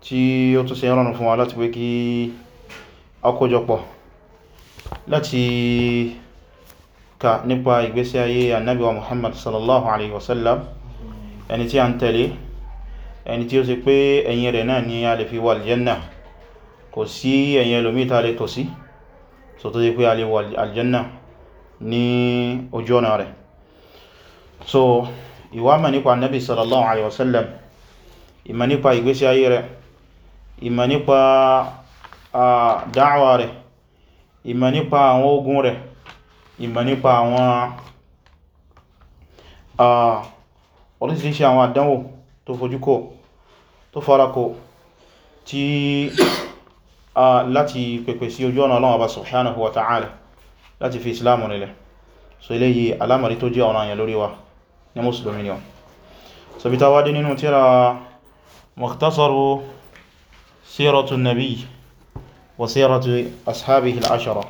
tí ó tún ṣe rọrùn fún wa láti pé kí a kójọpọ̀ láti kà nípa ìgbésí ayé annabi muhammad sallallahu alaihi wasallam ẹni tí a ń tẹ̀lé ẹni tí ó ṣe pé ẹ̀yìn rẹ̀ náà ni a lè fi wà kò sí ẹ̀yìn ẹlòmíta lè tò sí so tó ṣe pé a lè wà aljanna ní ojú ọ̀nà rẹ̀ so ìwà mọ̀ nípa annabi sallallahu alaihi wasallam ìmọ̀ nípa ìgbésí ayé rẹ̀ ìmọ̀ nípa dáwà rẹ̀ ìmọ̀ nípa àwọn ogun rẹ̀ ìmọ̀ nípa àwọn orísìírísìí àwọn àdánwò tó fojúkò tó farakò tí láti pèpè sí ojú ọ̀nà Ọlọ́run Ọba subhanahu wa ta'ala láti fi islamu nílẹ̀ so eléyìí alámàrí tó jẹ́ ọ̀ràn àyàn lórí wa ní mùsùlùmí ni ọ so bí ta wá dé nínú tírà mukhtasaru سيرة النبي وسيرة أصحابه العشرة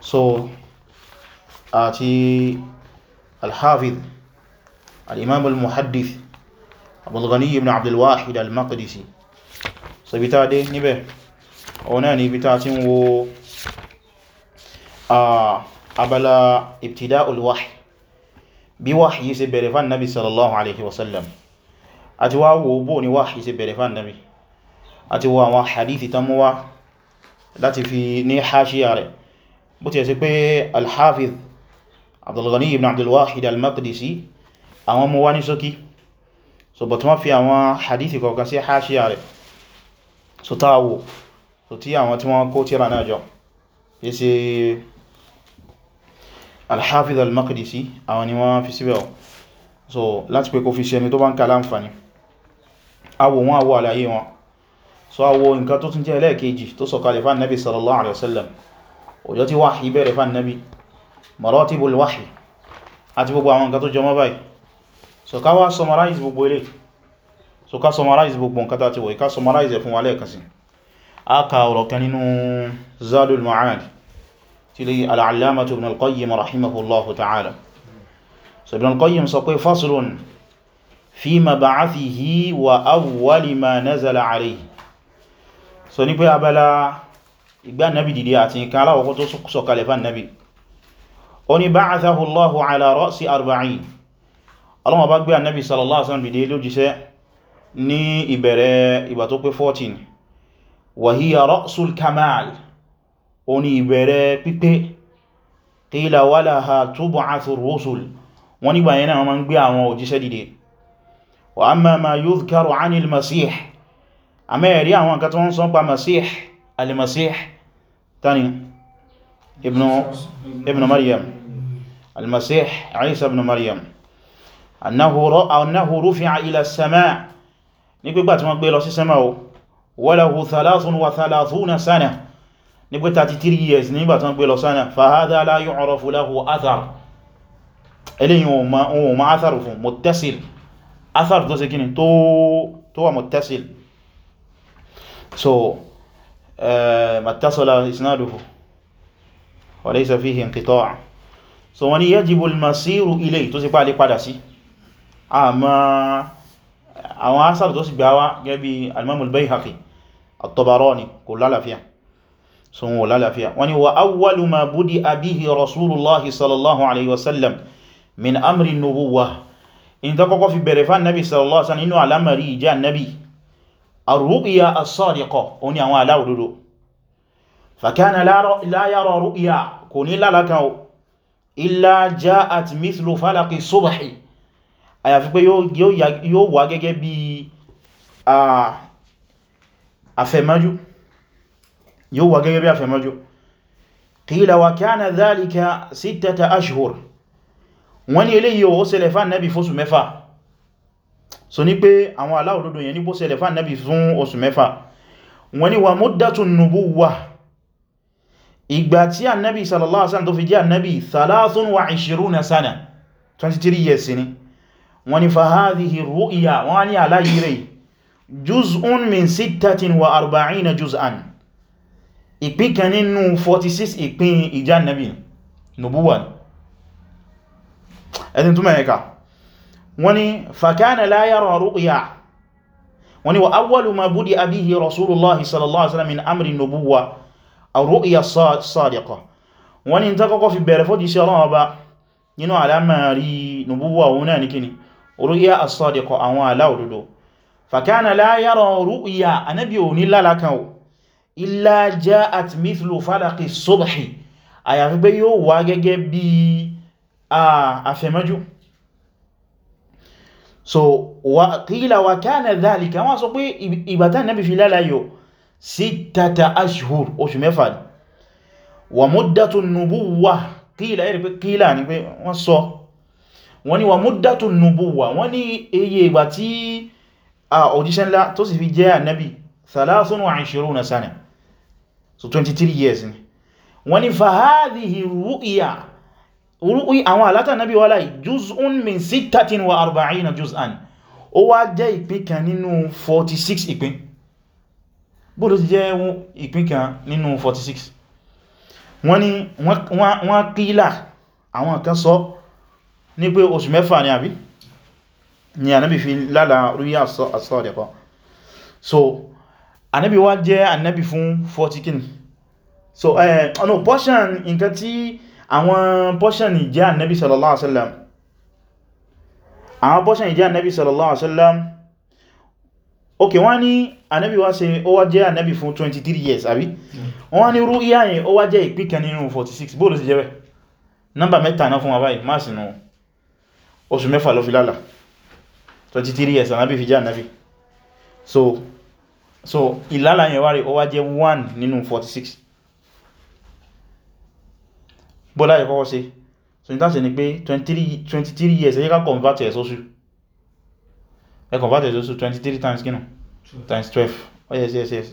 so آتي الحافظ الإمام المحدث أبو الغني بن عبد الواحد المقدسي so بتاع دي نبه أوناني بتاع تنو أبلا ابتداء الوحي بوحي سبري فالنبي صلى الله عليه وسلم أتواه وبوني وحي سبري فالنبي àti wọ àwọn hadithi tán mú wá láti fi ní haṣíyà rẹ̀ bó ti yẹ pé al-Hafiz Abdulghani ibn Abdulwahid al-Maqdisi àwọn mú wá ní sókí so bọ̀ tí wọ́n fi àwọn hadithi kọ̀ọ̀kan sí haṣíyà rẹ̀ so táwò so tí àwọn tí wọ́n kó tíra náà jọ yí sí al-Hafiz àwọn ni wọ́n fi síbẹ̀ so láti pé kó fi ṣe tó bá ń kà láǹfàní awò wọn àlàyé wọn so awo nǹkan tó tún jẹ́ ẹlẹ́ẹ̀kejì tó sọ̀kalẹ̀ fún annabi sallallahu alaihi wasallam ọjọ́ tí wáhì bẹ̀rẹ̀ fún annabi maratibul wahyi àti gbogbo àwọn nǹkan tó jọmọ́ báyìí so ká wá summarize gbogbo ilé so ká summarize gbogbo nǹkan tá ti wọ̀ ká summarize fún wa lẹ́ẹ̀kan sí a ka ọ̀rọ̀ kan nínú zadul ma'ad ti lè wa awwali ma nazala alayhi so ní pé abala ìgbà nabi dìde àti nǹkan aláwọ̀kọ́ tó sọ̀kalẹ̀ fà nabi ó ní ba'athahu Allahu ala ra'si arba'in Ọlọ́hun bá gbé annabi sallallahu alaihi wasallam dìde lójíṣẹ́ ní ìbẹ̀rẹ̀ ìgbà tó pé 14 wa hiya ra'sul kamal ó ní ìbẹ̀rẹ̀ pípé qila walaha tub'athu ar-rusul wọ́n nígbà yẹn náà wọ́n máa ń gbé àwọn wa amma ma yudhkaru 'anil masih àmẹ́ẹ̀rí àwọn nǹkan tó ń sọ pa masih al-masih tani ibn maryam al-masih isa ibn maryam annahu rufi'a ila as-sama' ní pípà tí wọ́n gbé lọ sí sama o walahu thalathun wa thalathuna sana ní pé 33 years nígbà tí wọ́n gbé lọ sana fahadha la yu'rafu lahu athar eléyìn ohun ma fún muttasil athar tó ṣe kíni tó wà muttasil so ما اتصل إسناده وليس فيه انقطاع so wọ́n ni yajibu al-masiru ilay tó sì pàálé padà sí àwọn asar tó sì gbá wá gẹ́bí al-Imamul Bayhaqi at-Tabarani kò lálàáfíà so wọ́n lálàáfíà wọ́n ni wa awwalu ma budi'a bihi rasulullahi sallallahu alaihi wasallam min amri nubuwah in ta kọ́kọ́ fi bẹ̀rẹ̀ fán nabi sallallahu alaihi wasallam inú alamari ìjá nabi arúgbìyà asọ́dìkọ̀ o ní àwọn aláwòdúdó fàkánà láyàrọ̀ rúgbìyà kò ní lálákan o illa ja'at mithlu falaki subhi àyàfi pé yóò wà gẹ́gẹ́ bí àfẹ̀mọ́jú yóò wà gẹ́gẹ́ bí àfẹ̀mọ́jú qila wa kana dhalika sittata ashhur wọ́n ní eléyìí ó ṣẹlẹ̀ fán fóṣù mẹ́fà so ní pé àwọn aláòdodo yẹn ní bó ṣẹlẹ̀ fún Ànábì fún oṣù mẹ́fà wọ́n ní wa muddatu nubuwa ìgbà tí Ànábì sallallahu alaihi wasallam tó fi jẹ́ Ànábì thalathun wa ishiruna sana 23 years ni wọ́n ní fa hadhihi ru'ya wọ́n ní àlàyé rẹ̀ juz'un min sittatin wa arba'ina juz'an ìpín kan nínú 46 ìpín ìjá Ànábì nubuwa ẹni túnmọ̀ ẹ̀ka wọ́n ni fakana la yara ru'ya wọ́n ni wa awwalu ma budi abihi rasulullah sallallahu alaihi wasallam min amri nubuwa a ru'ya sadiqa wọ́n ni ta kọ́kọ́ fi bẹ̀rẹ̀ fọ́dí sí ọlọ́wọ́ ba nínú alamari nubuwa wọn náà nikini ru'ya as-sadiqa àwọn aláwòdodo fakana la yara ru'ya anabi o ni lalakan illa ja'at mithlu falaqi subhi àyàfi pé yóò wá gẹ́gẹ́ bí afẹ́mọ́jú so wa qila wa kana dhalika wọ́n sọ pé ìbátá náà fi lálàyò sittata ashhur oṣù mẹ́fà ni wa muddatu nubuwa qila ẹ̀rẹ̀ pé qila ni pé wọ́n sọ wọ́n ni wa muddatu nubuwa wọ́n ni eye ìgbà tí a òjíṣẹ́ ńlá tó sì fi jẹ́ ànábì thalathun sana so 23 years ni wọ́n ni fa hadhihi ru'ya àwọn àlátà nábi wà láì juz'un min sittatin wa arba'ina juz'an ó wá jẹ́ ìpín kan nínú 46 ìpín bóòdó ti jẹ́ ìpín kan nínú 46 wọ́n ni wọ́n kílà àwọn kan sọ ní pé oṣù mẹ́fà ni àbí ni ànábì fi lálà rúyà as-sadiqa so ànábì wá jẹ́ ànábì fún 40 kìnnì so eh, no portion nǹkan tí àwọn portion ìjẹ́ annabi sallallahu alaihi wasallam àwọn portion ìjẹ́ annabi sallallahu alaihi wasallam ok wọ́n ní annabi wá ṣe ó wá jẹ́ annabi fún 23 years àbí mm. wọ́n ní rú iya yìí ó wá jẹ́ ìpín kan nínú 46 bóòlù sí jẹ́rẹ̀ nọ́mbà mẹ́ta náà fún wa báyìí máa sínú oṣù mẹ́fà lọ fi lálà 23 years annabi fi jẹ́ annabi so so ìlàlà yẹn wá rí ó wá jẹ́ 1 nínú 46 bó láyé kọ́kọ́ ṣe so ní tàṣẹ ni pé 23 years ẹ̀yẹ́ ká convert ẹ̀ sóṣù ẹ convert ẹ̀ sóṣù 23 times kínú times 12 oh yes yes yes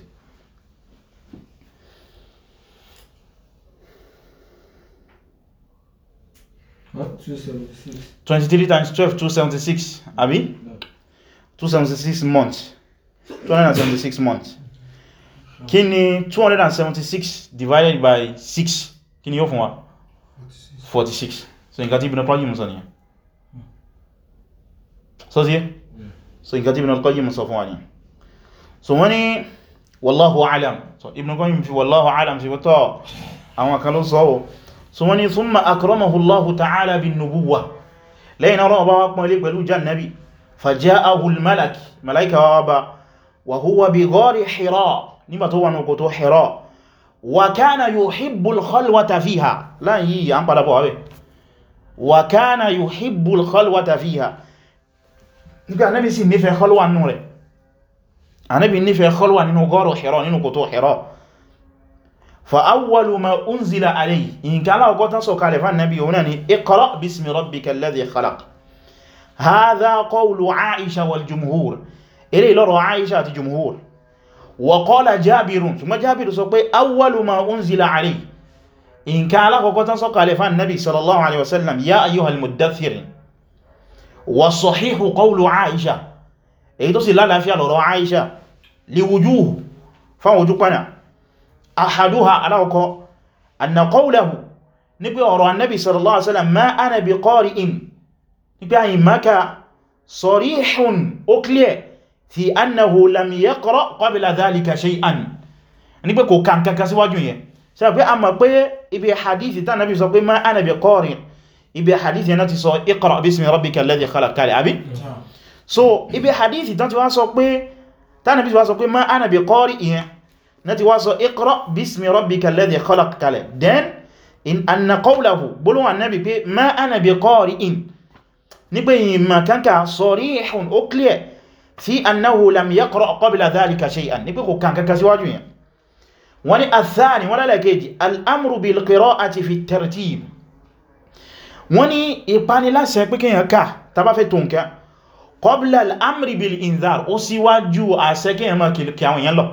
What? 276 23 times 12 276 àbí no. 276 months 276 months kí ni 276 divided by 6 kí ni yóò fún wa 46 so nǹkan tí Ibn al-Qayyim sọ nìyẹn so sí so nǹkan tí Ibn al-Qayyim sọ fún wa ní so wọ́n ní wallahu alam so Ibn al-Qayyim fi wallahu alam sí wọ́tọ́ àwọn kan ló sọ́wọ́ so wọ́n thumma akramahu Allahu ta'ala bin nubuwwa lẹ́yìn ọ̀rọ̀ ọba wa pọ̀lẹ̀ pẹ̀lú jan nabi faja'ahu al-malak malaika wa ba wa huwa bi ghari Hira nígbà tó wà ní okòtò Hira wa kana yuhibbul khalwata fiha láàrin yìí a ń padà bọ̀ rẹ̀ wa kana yuhibbul khalwata fiha nígbà anábi sí nífẹ́ khalwa nínú rẹ̀ anábi nífẹ́ khalwa nínú gọ́rọ̀ Hira nínú kòtò Hira fa awwalu ma unzila alayhi nǹkan aláwọ̀kọ́ tán sọ kalẹ̀ fán nabi òun ni iqra bismi rabbika alladhi khalaq hadha qawlu aisha wal jumhur ilé ìlọ́rọ̀ aisha àti jumhur wọ̀kọ́lá jábìrún ṣùgbọ́n jábìrún sọ pé awwalu ma unzila alayhi nǹkan alákọ̀ọ́kọ́ tán sọ́kàlẹ̀ fán nabi sallallahu alaihi wasallam ya ayyuhal muddaththir wa sahihu qawlu aisha èyí tó sì lálàáfíà lọ́rọ̀ aisha li wujuh fán ojú pẹ́nà ahaduha alákọ̀ọ́ anna qawlahu ní pé ọ̀rọ̀ annabi sallallahu alaihi wasallam ma ana bi qari'in ní pé fi annahu lam yaqra qabla dhalika shay'an ní pé kò kàn kankan síwájú yẹn ṣe pé a mọ̀ pé ibi hadithi tán nabi sọ pé ma ana bi qari ibi hadithi náà ti sọ iqra bismi rabbika alladhi khalaq kalẹ̀ àbí so ibi hadithi tán ti wá sọ pé tán nabi wá sọ pé ma ana bi qari ìyẹn náà ti wá sọ iqra bismi rabbika alladhi khalaq kalẹ̀ then in anna qawlahu bólúwà nabi pé ma ana bi qari in ní pé yìí ma kankan sarihun ó clear fi annahu lam yaqra qabla dhalika shay'an ní pé kò kàn kankan síwájú yẹn wọ́n ní athani wọ́n lálẹ́kejì al'amru bil qira'ati fi tartib wọ́n ní ìpaniláṣẹ pé kíyàn ká tàbá fẹ́ tó nǹkan qabla al'amri bil inzar ó síwájú àṣẹ kíyàn máa kìlìkì àwọn èèyàn lọ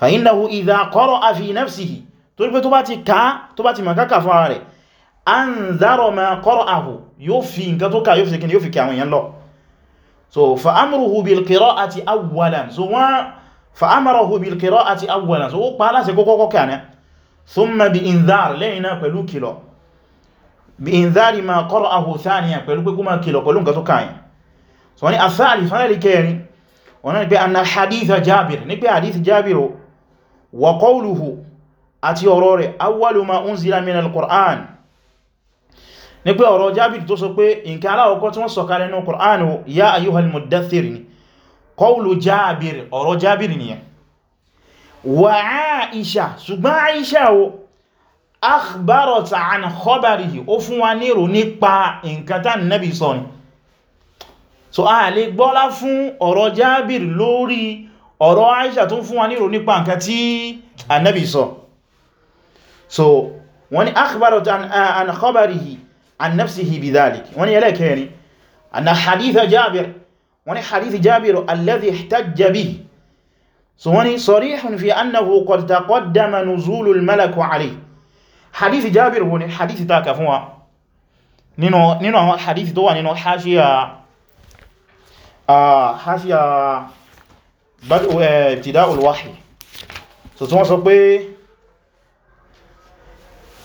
fa innahu idha qara'a fi nafsihi torí pé tó bá ti ká tó ma qara'ahu so fa'amuruhu bil qira'ati awwalan so wọ́n fa'amuruhu bil qira'ati awwalan so ó pa aláṣẹ kọ́kọ́ kàní thumma bi inzar lẹ́yìn náà pẹ̀lú kìlọ̀ bi inzari ma qara'ahu thaniyan pẹ̀lú pé kuma kìlọ̀ pẹ̀lú nǹkan tó kàyìn so ni asáàlì sanari kẹrin wọ́n ni pé anna haditha jabir ni pé hadith jabir wa qawluhu àti ọ̀rọ̀ rẹ̀ awwalu ma unzila min al-qur'an ní pé ọ̀rọ̀ jábìrì tó sọ pé nǹkan aláwọ̀kọ́ tí wọ́n sọ kalẹ̀ ní Qur'an ya ayyuhal muddaththir ni qawlu jábìrì ọ̀rọ̀ jábìrì nìyẹn wa Aisha ṣùgbọ́n Aisha o akhbarat an khabarihi ó fún wa nírò nípa nǹkan tán nabi sọ ni so a lè gbọ́lá fún ọ̀rọ̀ jábìrì lórí ọ̀rọ̀ Aisha tó fún wa nírò nípa nǹkan tí annabi sọ so wọ́n ni akhbarat an khabarihi an nafsihi bidhalik wani ẹlẹ́kẹrin anna haditha jabir wani hadithi jabir alladhi ihtajja bihi so wani sarihun fi annahu qad taqaddama nuzulul malaku alayhi hadithi jabir wani hadithi ta ka fún wa nínú nínú àwọn hadithi tó wà nínú hashiya ah hashiya badu ibtida'ul wahyi so tún sọ pé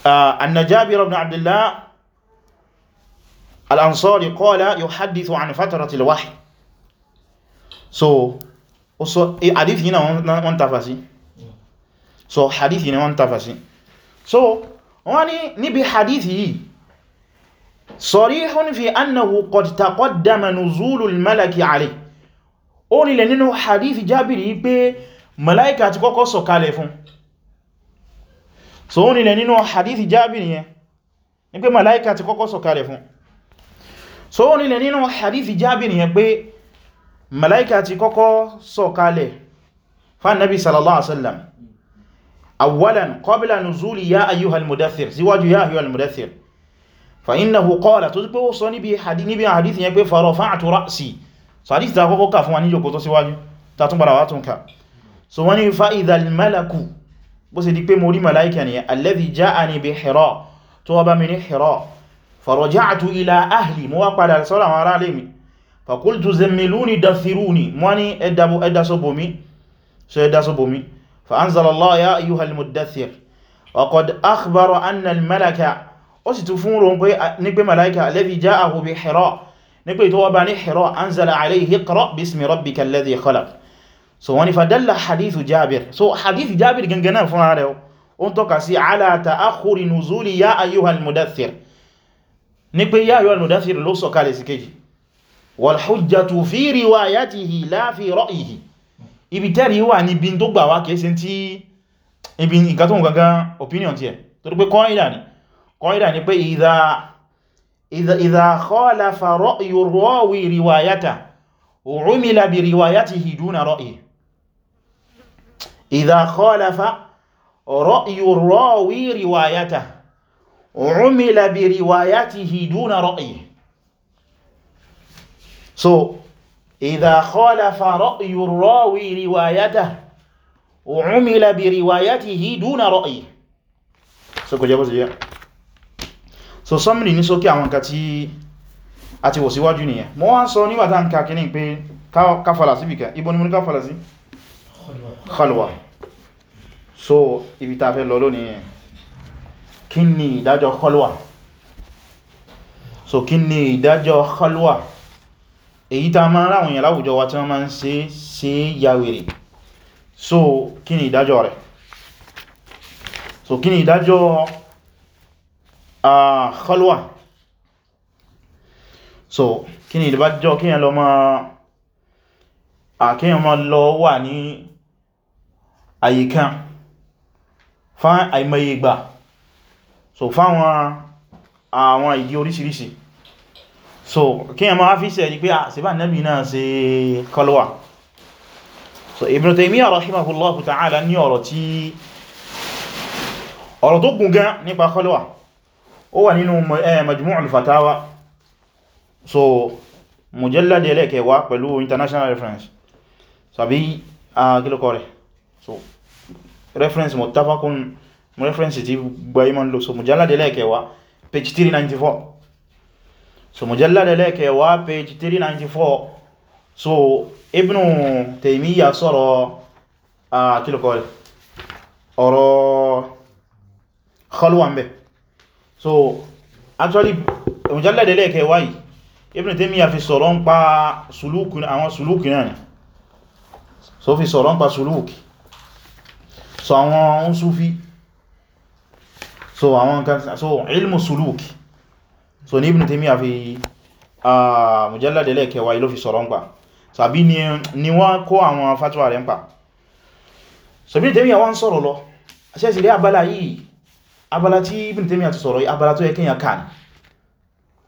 anna al-Ansari qala yuhaddithu an fatarati al so ó sọ e, hadith yìí náà wọ́n tafa so hadith yìí náà wọ́n tafa so wọ́n ní níbi hadith yìí sarihun fi annahu qad taqaddama nuzulul malaki alayhi ó nílẹ̀ nínú hadith jábìrì pé malaika ti kọ́kọ́ sọ̀kalẹ̀ fún so ó nílẹ̀ nínú hadith jábìrì yẹn ni pé malaika ti kọ́kọ́ sọ̀kalẹ̀ fún so ó nílẹ̀ nínú hadithi Jabir yẹn pé malaika ti kọ́kọ́ sọ̀kalẹ̀ fún nabi sallallahu alaihi wasallam awwalan qabla nuzuli ya ayyuhal mudaththir síwájú ya ayyuhal mudaththir fa innahu qala tó pé ó sọ níbi hadithi yẹn pé fa rafa'tu ra'si so hadithi ta kọ́kọ́ kà fún wa ní jòkó tó síwájú ta tún padà wá tún ka so wani fa idhal malaku bó sì di pé mo malaika ni alladhi ja'ani bi Hira tó wá bá mi Hira فرجعت إلى أهلي مواقع صلى الله عليه وسلم فقلت زملوني دثروني ماني أدب أدى صبومي سيدى صبومي فأنزل الله يا أيها المدثر وقد أخبر أن الملك أستفون نبي ملائكة الذي جاءه بحراء نبي باني حراء أنزل عليه اقرأ باسم ربك الذي خلق so وني فدل hadithu jabir so حديث jabir ganganan فون ara o n tọ́ka sí ala ta'akhuri nuzuli ya ní pé yá yọ́ al-mudaththir ló sọ̀kalẹ̀ sí kejì wal hujjatu fi riwayatihi la fi ra'yihi ibi tẹ́rì wà níbi tó gbà wá kìí sí tí ibi nǹkan tó gangan opinion tí ẹ̀ tó rí pé kọ́ìdà ni kọ́ìdà ni pé idha riwayata umila bi riwayatihi duna ra'yi so idha khalafa ra'yu ar-rawi riwayatahu umila bi riwayatihi duna ra'yi so ko jabo je so summary ní ṣókí àwọn kan tí àti wò síwájú nìyẹn mo wá sọ nígbà tá nka kini pé ká fala sí bika ibo ni mo ní ká fala sí khalwa khalwa so ibi tá fẹ́ lọ lọ nìyẹn kí ìdájọ́ kọlùwà so kí ìdájọ́ kọlùwà èyí ta máa ráwọn èèyàn láwùjọ wa tí wọ́n máa ń ṣe ṣe yàwèrè so kí ìdájọ́ rẹ̀ so kí ìdájọ́ ah, kọlùwà so kí ìdájọ́ kí lọ máa àkíyàn ah, máa lọ wà ní àyíká fún àìmọye ìgbà so fáwọn àwọn ìdí oríṣiríṣi so kí ẹ ma fi ṣe ẹ̀rí pé a ṣe bá nẹ́bì náà ṣe kọlọ́wà so Ibn Taymiyyah rahimahullahu ta'ala ní ọ̀rọ̀ tí ọ̀rọ̀ tó gùn gan nípa kọlọ́wà ó wà nínú eh, majmu'ul fatawa so mujallad ẹlẹ́kẹwàá pẹ̀lú international reference sàbí so, àkílùkọ rẹ̀ so reference muttafaqun mo reference ti gbayi ma n lo so mujallade lẹ́ẹ̀kẹwàá page 394 so mujallade wa page 394 so Ibn Taymiyyah sọ̀rọ̀ àkílùkọ́ rẹ̀ ọ̀rọ̀ khalwa ń bẹ so actually mujallade lẹ́ẹ̀kẹwàá wa Ibn Taymiyyah fi sọ̀rọ̀ ń pa sùlúkù àwọn sùlúkù náà ni so fi sọ̀rọ̀ ń pa sùlúkù so awon sufi so àwọn nǹkan so ilmu suluk so ní Ibn Taymiyyah fi a mujalladele kẹwa ilo fi sọ̀rọ̀ ń pa so àbí ni wọ́n kó àwọn fatuwa rẹ̀ ń pa so Ibn Taymiyyah wọ́n sọ̀rọ̀ lọ ṣe sì rí abala yìí abala tí Ibn Taymiyyah ti sọ̀rọ̀ abala tó yẹ kíyàn kan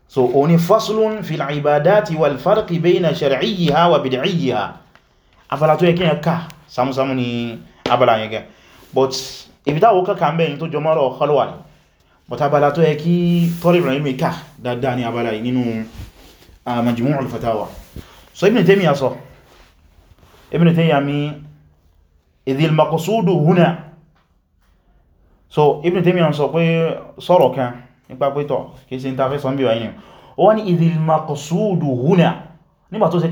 so ó ní faslun fil ibadati wal farqi bayna shar'iyyiha wa bid'iyyiha abala tó yẹ kíyàn ka samusamu ni abala yẹn gẹ but ìfìtàwó kọ́kà ń bẹ̀yìn tó jọ mọ́rọ̀ khalwa ní bọ̀tàbàlá tó yẹ kí tọ́rì Ibrahim ká dáadáa ní abala nínú Majmu'ul Fatawa so Ibn Taymiyyah sọ Ibn Taymiyyah mi idhil so Ibn Taymiyyah sọ pé sọ́rọ̀ kan nípa pé tọ́ kí sí ta fẹ́ sọ bí wáyé wọ́n ni idhil maqsudu huna nígbà tó ṣe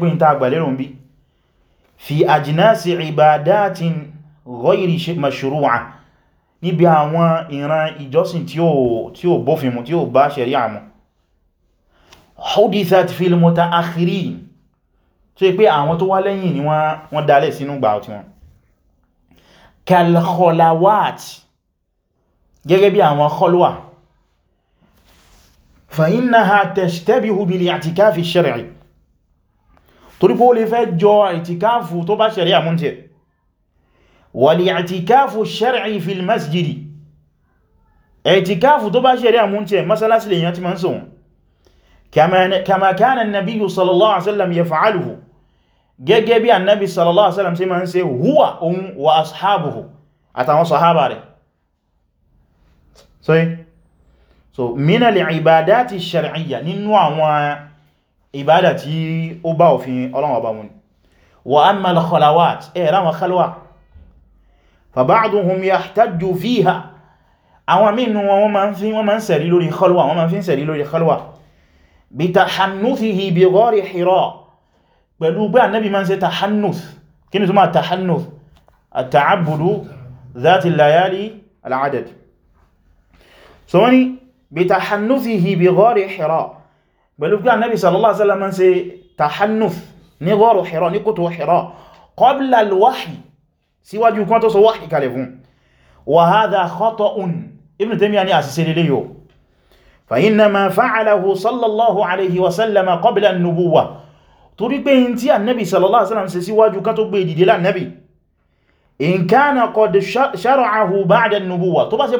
níbi àwọn ìran ìjọsìn tí ó bófin mu tí ó bá ṣẹ̀ríà mu hudithat fil mutaakhirin tó yí pé àwọn tó wá lẹ́yìn ni wọ́n dálẹ̀ sínú gbà ọ̀tí wọn kal kholawat gẹ́gẹ́ bí àwọn kholwa fa innaha tashtabihu bil i'tikafi shar'i torípó lè fẹ́ jọ ìtìkáfù tó bá ṣẹ̀ríà mú wal-i'tikafu ash-shar'i fi al-masjid i'tikafu tó bá ṣẹ̀rẹ̀ àmúntẹ̀ masalasi lè yàn ti ma ń sọ̀wọ̀n kama kana an-nabiyyu sallallahu alaihi wasallam yaf'aluhu gẹ́gẹ́ bí annabi sallallahu alaihi wasallam ṣe ma ń ṣe huwa wa ashabuhu àtàwọn sahaba rẹ̀ so, so min al-ibadati ash-shar'iyya nínú àwọn ibada tí ó bá òfin Ọlọ́run ọba fàbáàdùnhùn yahtajju fiha àwọn mínú wọn wọ́n ma ń sẹ̀rí lórí khalwa wọ́n ma fi ń sẹ̀rí lórí khalwa bí tahannuthihi bí ghari hira pẹ̀lú gbé annabi ma ń ṣe tahannuth kí ni túnmà tahannuth at-ta'abbudu dhati al-layali al-adad so wani bí tahannuthihi bí ghari hira pẹ̀lú gbé annabi sallallahu alaihi wasallam ma ń ṣe tahannuth ní ghari hira ní kòtò hira qabla al-wahyi síwájú kan tó sọ wáhì kalẹ̀ fún wa hadha khata'un ibn Taymiyyah ní àṣìṣe lélé yóò fa inna ma fa'alahu sallallahu alaihi wasallama qabla an-nubuwwah torí pé in tí annabi sallallahu alaihi wasallam ṣe síwájú kan tó gbé ìdìdè e lánnabi in kana qad shara'ahu ba'da an-nubuwwah tó bá ṣe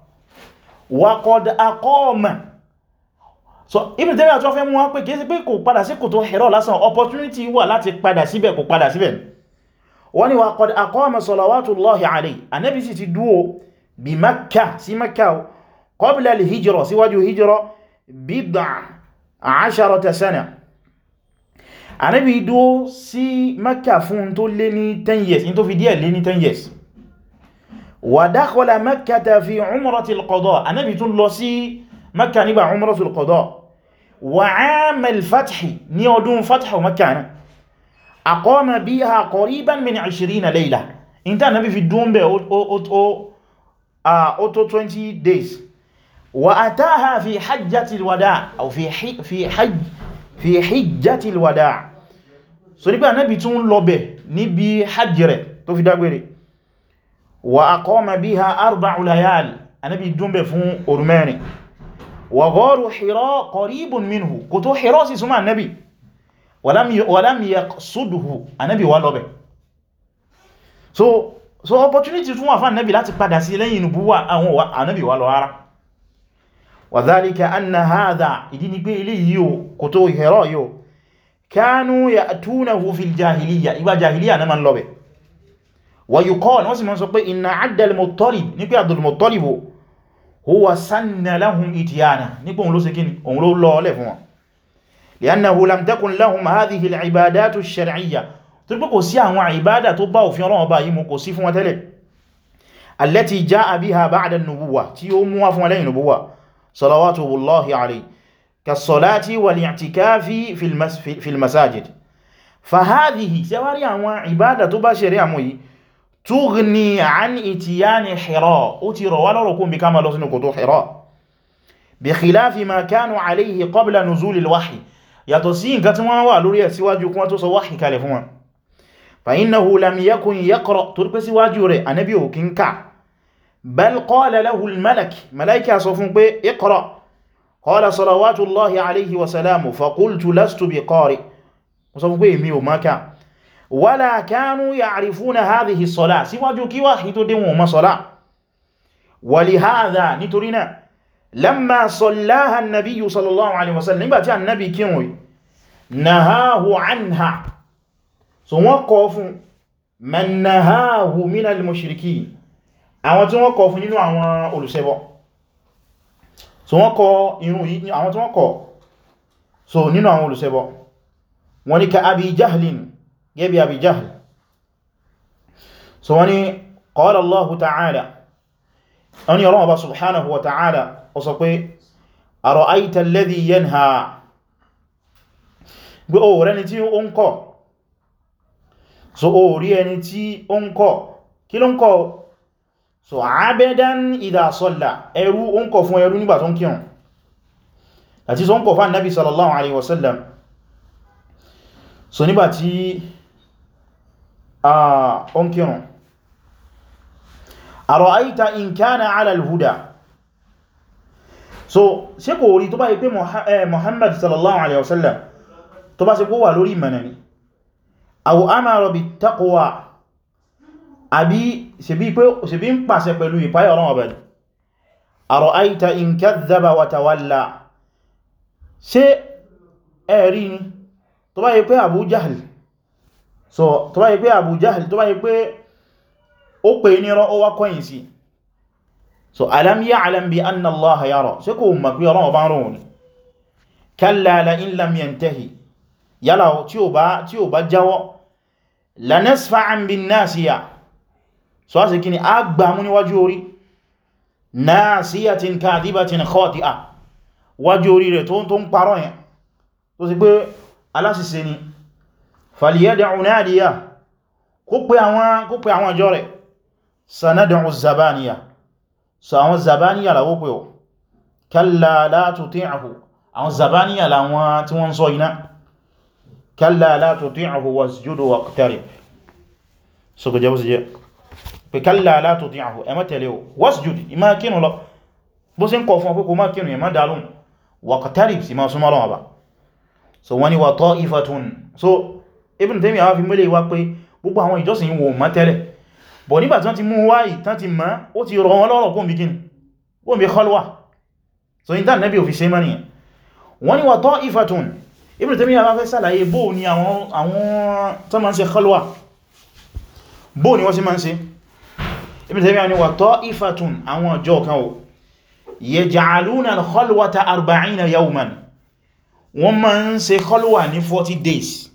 waqad aqama so Ibn Taymiyyah tó fẹ́ mú wá pé kéèsí pé kò padà sí kòtò Hira lásán opportunity wà láti padà síbẹ̀ kò padà síbẹ̀ wọ́n ni waqad aqama salawatullahi alayhi Ànábì sì ti dúó bí Makkah sí Makkah qabla al-hijra síwájú hijra bid'a 10 years wàdákọ́lá mẹ́kẹta fi umratil qada anábi tún lọ sí mẹ́kà nígbà umratil qada wà ámàl fathi ní ọdún fathu mẹ́kà ní aqama biha qariban min 20 layla in ta anábi fi dúnbẹ̀ ó tó 20 days wà ataha fi hajjatil wada aw fi hajjatil wada so nígbà anábi tún lọ bẹ̀ níbi wa aqama biha arba'u layal anábi dúnbẹ̀ fún òru mẹ́rin wa gharu hira qaribun minhu kò tó hira sí súnmọ́ anábi walam yaqsudhu anábi wà lọ́bẹ̀ so so opportunity tún wà fún anábi láti padà sí lẹ́yìn nubuwa àwọn anábi wà lọ ara wàzálíkà anna hadha ìdí ni pé ilé yíò kò tó hira yíò kánú wàyùkọ́ọ̀lù wọ́n sì mọ́ sọ pé inna Abdul Muttalib ní pé Abdul Muttalib huwa sanna lahum ìtìyàna ní pé òun ló ṣe kíni òun ló lọ́ọ̀lẹ̀ fún wọn li'annahu lam takun lahum hadhihi al-ibadatu tó bá òfin Ọlọ́run tughni an itiyani hira ó ti rọ̀ wá lọ́rọ̀ kún bí ká ma lọ sínú kòtò hira bí khilafi ma kánu alayhi qabla nuzulil wahyi yàtọ̀ sí nǹkan tí wọ́n wà lórí ẹ̀ síwájú kún tó sọ wahyi kalẹ̀ fún wọn fa innahu lam yakun yaqra tó rípé síwájú mo sọ fún pé èmi ò máa ká wala kanu ya'rifuna hadhihi as-salah síwájú kí wahyi tó dé wọn mọ̀ sọ́lá walihadha nítorí náà lamma sallaha an-nabiyyu sallallahu alaihi wasallam nígbàtí annabi kírun nahahu anha so wọ́n kọ̀ fún man nahahu min al-mushriki àwọn tí wọ́n kọ̀ fún nínú àwọn olùṣẹbọ so wọ́n kọ̀ irun yìí àwọn tí wọ́n kọ̀ gẹ́bí Abi Jahl so wani qala Allahu ta'ala wani ọlọ́wọ́ bá subhanahu wa ta'ala ó sọ pé ara'ayta alladhi yanha gbé o rẹni tí ó ń kọ́ so o rí ẹni tí ó ń kọ́ kí ló ń kọ́ so abedan idha salla ẹrú ó ń kọ́ fún ẹrú nígbà tó ń kírun àti ó ń kírùn àrọ̀áìta in kana ala so ṣe kò rí tó bá yí pé eh, Muhammad sallallahu alaihi wasallam tó bá ṣe kó wà lórí ìmọ̀nà ni àwọ̀ amara bi taqwa àbí ṣe bí ń pàṣẹ pẹ̀lú ìpáyà ọ̀rọ̀ ọ̀bẹ̀ àrọ̀áìta so tó bá yí pé Abu Jahl tó bá yí pé ó pè ní rán ó kọ́yìn sí so alam ya'lam bi anna Allaha yara ṣe kò mọ̀ pé ọlọ́wọ́ bá ń rọrùn kalla la in lam yantahi yálà tí ó bá jáwọ́ lanasfa'an bin nasiya so a sì kí ni a gbà mú níwájú orí nasiyatin kadhibatin khati'a wájú orí rẹ̀ tó ń parọ́ yẹn tó sì pé alásìsẹ́ ni falyad'u nadiya kó pè àwọn ìjọ rẹ̀ sanad'u zabaniya so àwọn zabaniya làwó pè ọ kalla la tuti'hu àwọn zabaniya làwọn tí wọ́n sọ iná kalla la tuti'hu wasjudu waqtarib so kò jẹ́ bó sì jẹ́ pé kalla la tuti'hu ẹ má tẹ̀lé o wasjud ìmá kínú lọ bó sì ń kọ̀ so wani wa ta'ifatun so Ibn Taymiyyah wá fi múlẹ̀ wá pé gbogbo àwọn ìjọsìn wò mọ́ tẹ́lẹ̀ bọ̀ nígbà tí wọ́n ti mú wá ìtàn ti mọ́ ó ti rọ wọn lọ́rọ̀ kó mi gini kó mi khalwa so in tán nẹ́bí ò fi ṣe mọ́ nìyàn wọ́n ni wà tọ́ ifatun Ibn Taymiyyah wá fẹ́ sàlàyé bó ni àwọn tó ma ń ṣe khalwa bó ni wọ́n ṣe ma ń Ibn Taymiyyah ni wà tọ́ ifatun àwọn kan o yaj'aluna al-khalwata arba'ina yawman wọ́n ma ń ṣe khalwa 40 days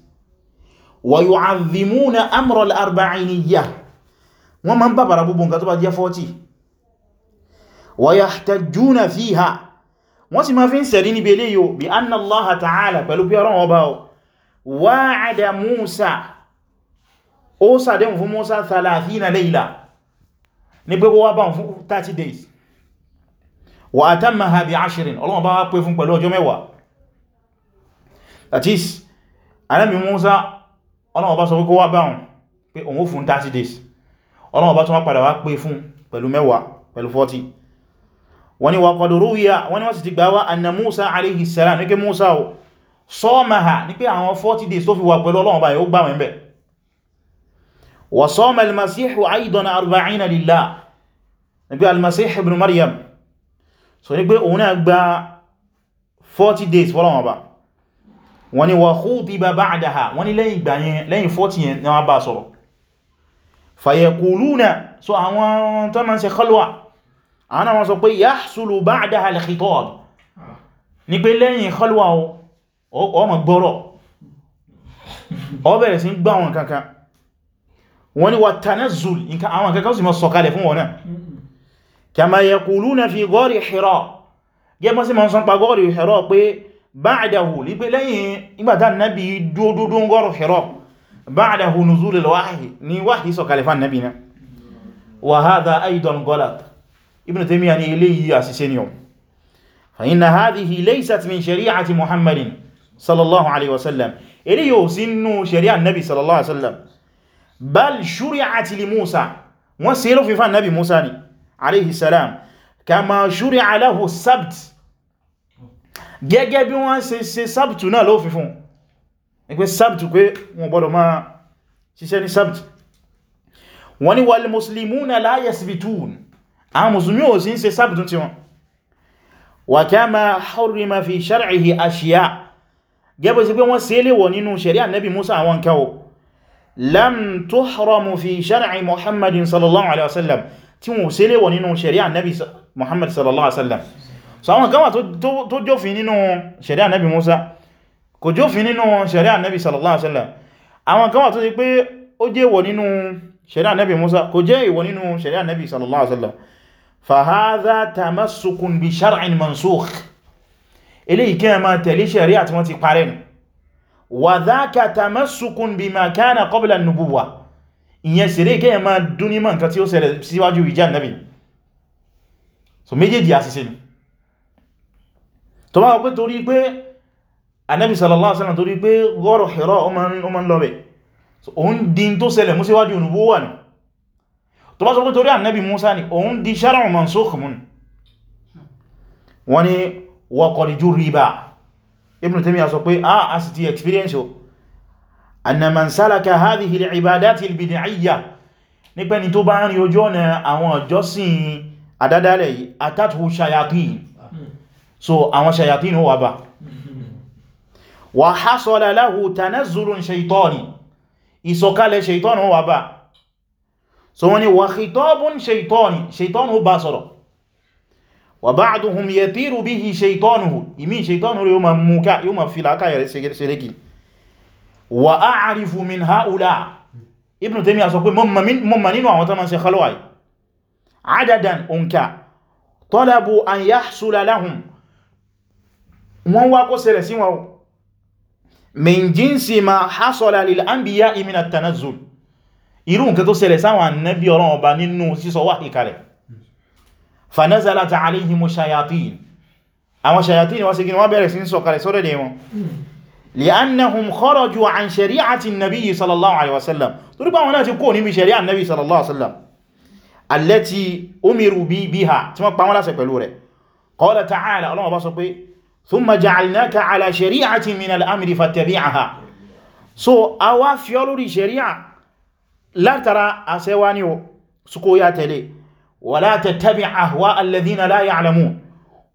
wa yu'azzimuna amra al-arba'iniyyah wọ́n ma ń bàbàrà gbogbo nǹkan tó bá jẹ́ 40 wa yahtajjuna fiha wọ́n sì ma fi ń sẹ̀rí níbi eléyò bí anna Allaha ta'ala pẹ̀lú pé days wa atammaha bi 'ashrin ọlọ́wọ́n bá pé fún pẹ̀lú ọjọ́ mẹ́wàá ọlọ́wọ́ bá sọ wípé wá báhùn pé òun ó fún 30 days ọlọ́wọ́ bá tún wá padà wá pé fún pẹ̀lú mẹ́wàá pẹ̀lú 40 wọ́n ni wà kọ̀dọ̀rú wíyà wọ́n ni wọ́n sì ti gbáwá anna Musa alayhi salam ní pé Musa o sọ́ọ̀mà ha ní pé àwọn 40 days tó fi wà pẹ̀lú ọlọ́wọ́ wọ́n ni wà khutiba ba'daha wọ́n ni lẹ́yìn ìgbà yẹn lẹ́yìn 40 yẹn ni wọ́n bá sọ̀rọ̀ fàyẹ̀kùlúnà so àwọn tó máa ń ṣe khalwa àwọn àwọn sọ pé yahsulu ba'daha al-khitab ni pé lẹ́yìn khalwa o ma gbọ́rọ̀ o bẹ̀rẹ̀ sí gbá wọn kankan wọ́n ni wà ba'dahu li pé lẹ́yìn ìgbàtà nábi dúdúdú gọ́rù Hira ba'dahu nuzul al-wahyi ni wahyi sọ kalifa nábi na wa hadha aidan ghalat Ibn Taymiyyah ní ilé yìí àṣìṣe ni fa inna hadhihi laysat min shari'ati Muhammadin sallallahu alaihi wasallam ilé yóò sí nú shari'a nábi sallallahu alaihi wasallam bal shuri'ati li Musa wọ́n sí lófin fa nábi Musa ni alaihi salam kama shuri'a lahu sabt gẹ́gẹ́ bí wọ́n ṣe ṣe sábtù náà ló fi fún ní pé sábtù pé wọ́n gbọ́dọ̀ máa ṣiṣẹ́ ní sábtù wọ́n ni wal muslimuna la yasbitun àwọn musulmi ò sí ń ṣe sábtù tí wọ́n wa kama harrima fi shar'ihi ashiya gẹ́bẹ̀ sí pé wọ́n ṣe lè wọ nínú sharia nabi musa àwọn kẹwọ́ lam tuhramu fi shar'i muhammadin sallallahu alaihi wasallam tí wọ́n ṣe lè wọ nínú sharia nabi muhammad sallallahu alaihi wasallam so àwọn kan wà tó jófin nínú ṣẹ̀ríà Nabi Musa kò jófin nínú ṣẹ̀ríà Nabi sallallahu alaihi wasallam àwọn kan wà tó ti pé ó jẹ́ ìwọ̀ nínú ṣẹ̀ríà Nabi Musa kò jẹ́ ìwọ̀ nínú ṣẹ̀ríà Nabi sallallahu alaihi wasallam fa hadha bi shar'in mansukh so méjèèjì àṣìṣe ni tó bá wọ́pẹ́ torí pé Ànábì sallallahu alaihi wasallam torí pé gọ́rọ̀ Hira o ma ń lọ bẹ̀ òun di tó ṣẹlẹ̀ mú síwájú ònúbó wà ní tó bá sọ pé torí Ànábì Musa ni òun di shar'un mansukh mun wọ́n ni waqad jurriba Ibn Taymiyyah sọ pé a a sì ti experience o anna man so àwọn ṣayàtí inú wà bá wà hasala lahu tanazzulun shaitani ìsọ̀kalẹ̀ shaitani wà bá so wọ́n ni wà khitabun shaitani shaitani ó bá sọ̀rọ̀ wà ba'duhum yatiru bihi shaitanuhu ìmí shaitani rẹ̀ yóò ma fi lákàyà rẹ̀ ṣerékì wà a'rifu min ha'ula Ibn Taymiyyah sọ pé mọ́mà nínú wọ́n wá kó ṣẹlẹ̀ sí wọn min jinsi ma hasala lil anbiya min at-tanazzul irú nǹkan tó ṣẹlẹ̀ sáwọn annabi Ọlọ́run ọba nínú sísọ wà ìkàlẹ̀ fanazalat alayhimu shayatin àwọn shayatin wọ́n sì gini wọ́n bẹ̀rẹ̀ sí ń sọ̀kalẹ̀ sọ́dọ̀ dẹ̀ wọn li'annahum kharaju an shari'ati an-nabi sallallahu alaihi wasallam torí bá wọn náà ti kó níbi shari'a an-nabi ثم جعلناك على شريعة من الأمر فاتبعها so a wá fi ọ́ lórí ṣeríà látara àṣẹwà ni ó sukó ya tẹ̀lé wala tattabi' ahwa alladhina la ya'lamun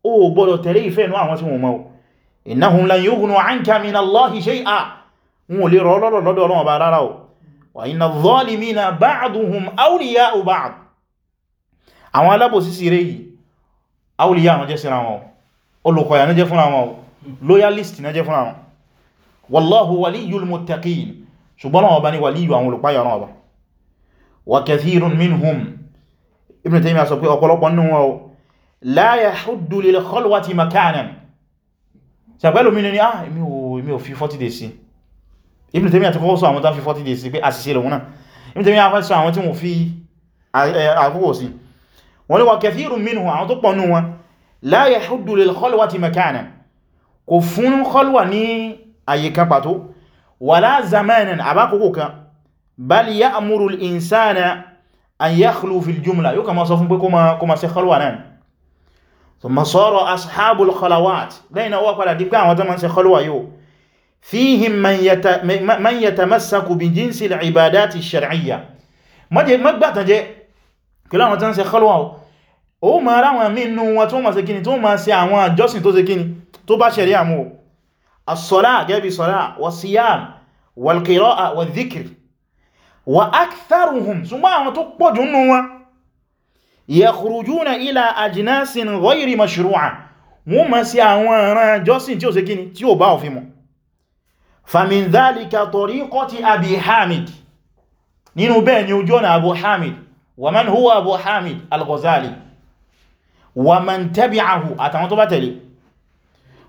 o gbọ́dọ̀ tẹ̀lé ìfẹ́ inú àwọn tí wọ́n mọ̀ innahum lan yughnu 'anka min Allahi shay'a wọn lè rọ lọ́rọ̀ lọ́dọ̀ Ọlọ́run bá rárá o wa inna adh-dhalimina ba'duhum awliya'u ba'd àwọn alábòsí sí rẹ̀ yìí awliya wọn jẹ́ síra wọn olùkọ̀yà ní jẹ́ fún àwọn loyalist ní jẹ́ fún àwọn wallahu waliyyul muttaqin ṣùgbọ́n wọn ọba ni waliyu àwọn olùpáyà náà ọba wa kathirun minhum ibn Taymiyyah sọ pé ọ̀pọ̀lọpọ̀ nínú wọn la yahuddu lil khalwati makanan ṣàpẹ́lú mi ni ah èmi ò fi 40 days sí ibn Taymiyyah ti kọ́kọ́ sọ àwọn tán wọ́n fi eh, àkókò àwọn tó pọ̀ nù wọn la yahuddu lil khalwati makanan kò fún khalwa ní àyè kan pàtó wala zamanan àbákòókò kan bal ya'muru al insana an yakhlu fil jumla yóò kama sọ fún pé kó ma ṣe khalwa náà thumma sara ashabul khalawat lẹ́yìn náà wà padà dípẹ́ àwọn tó ma ṣe khalwa yóò fihim man yatamassaku ó ma ráwọn mínú wọn tó ma ṣe kíni tó ma ṣe àwọn àjọsìn tó ṣe kíni tó bá ṣẹ̀rí àmú as-salaa gẹ́bí sọ́lá wa siyam wal qira'a wa dhikr wa aktharuhum ṣùgbọ́n àwọn tó pọ̀jù nù wọn yakhrujuna ila ajnasin ghayri mashru'a wọ́n ma ṣe àwọn ìran àjọsìn tí ó ṣe kíni famin dhalika tariqati abi hamid nínú bẹ́ẹ̀ ni ojú ọ̀nà abu hamid wa man huwa abu hamid al-ghazali wa man tabi'ahu àtàwọn tó bá tẹ̀lé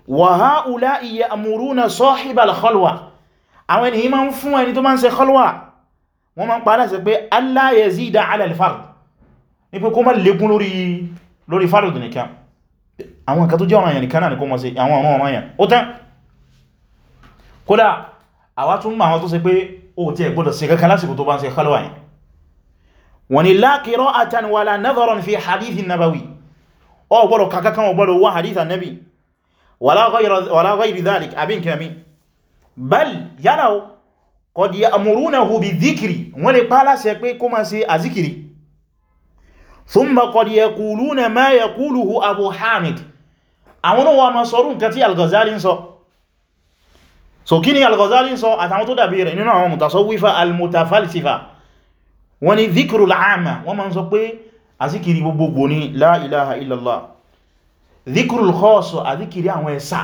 wa ha'ula'i ya'muruna sahibal khalwa àwọn ènìyàn máa ń fún ẹni tó máa ń ṣe khalwa wọ́n máa ń pa láṣẹ pé alla yazida 'ala al-fard ní pé kó má lékún lórí lórí fard nìkan àwọn nǹkan tó jẹ́ ọ̀ranyàn nìkan náà ni kó mọ́ sí àwọn ọ̀ràn ọ̀ranyàn ó tán kódà àwa tún mọ̀ àwọn tó ṣe fi hadithin nabawi ọ gbọ́dọ̀ kankan ọ gbọ́dọ̀ wá hadith annabi wala ghayri dhalik abin kìnàmí bal yára o qad ya'murunahu bi dhikri wọ́n lè pàálàṣẹ pé kó máa ṣe àzíkiri thumma qad yaquluna ma yaquluhu abu hamid àwọn náà wà máa sọrún nǹkan tí al-Ghazali ń sọ so kí ni al sọ àtàwọn tó dàbí rẹ̀ nínú àwọn mutasawwifa al-mutafalsifa wọ́n ni wọ́n máa sọ pé azikiri gbogbogbò ní la ilaha illallah dhikrul khas azikiri àwọn ẹ̀sà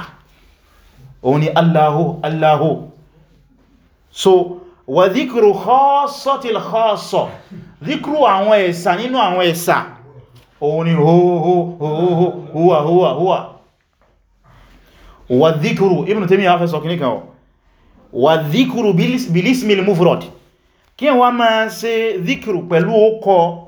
òun ni Allahu Allahu so wa dhikru khassatil khassa dhikru àwọn ẹ̀sà nínú àwọn ẹ̀sà òun ni huwa huwa huwa wa dhikru Ibn Taymiyyah fẹ́ sọ kìníkan ọ wa dhikru bilismil mufrad kí wọ́n máa ṣe dhikru pẹ̀lú ó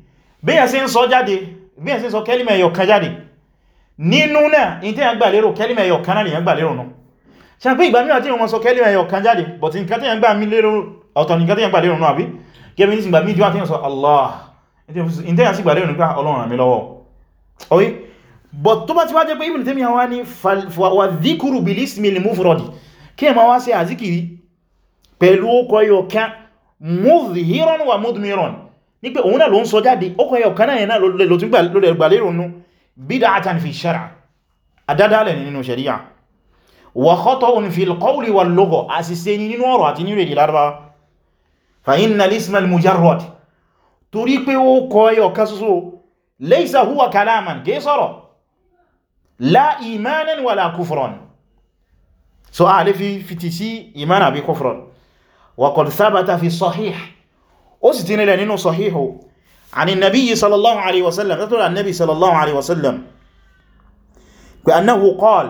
bíyàn sí ń sọ jáde bíyàn sí ń sọ kẹ́límẹ̀ ẹ̀yọ̀ kan jáde nínú náà in tí a gbà lérò kẹ́límẹ̀ ẹ̀yọ̀ kan náà lèyàn gbà lérò náà ṣàpé ìgbà mìíràn tí wọ́n sọ kẹ́límẹ̀ ẹ̀yọ̀ kan jáde but nǹkan tí a gbà mí lérò ọ̀tọ̀ nǹkan tí a gbà lérò náà àbí gẹ́bí ní ìgbà mí tí wọ́n sọ Allah in tí a sì gbà lérò ní pé òun náà ló ń sọ jáde ọkọ̀ ẹyọ kan náà ló tún gbà lérò nú bid'atan fi shar'a àdádálẹ̀ nínú sharia wa khata'un fil qawli wal lugha àṣìṣe ní nínú ọ̀rọ̀ àti nínú èdè Lárúbáwá fa inna al-isma so a lè fi fiti sí iman àbí kufran wa qad thabata fi sahih ó sì ti nílẹ̀ nínú sahihu àni nabi sallallahu alaihi wasallam tó rà nabi sallallahu alaihi wasallam pé annahu qal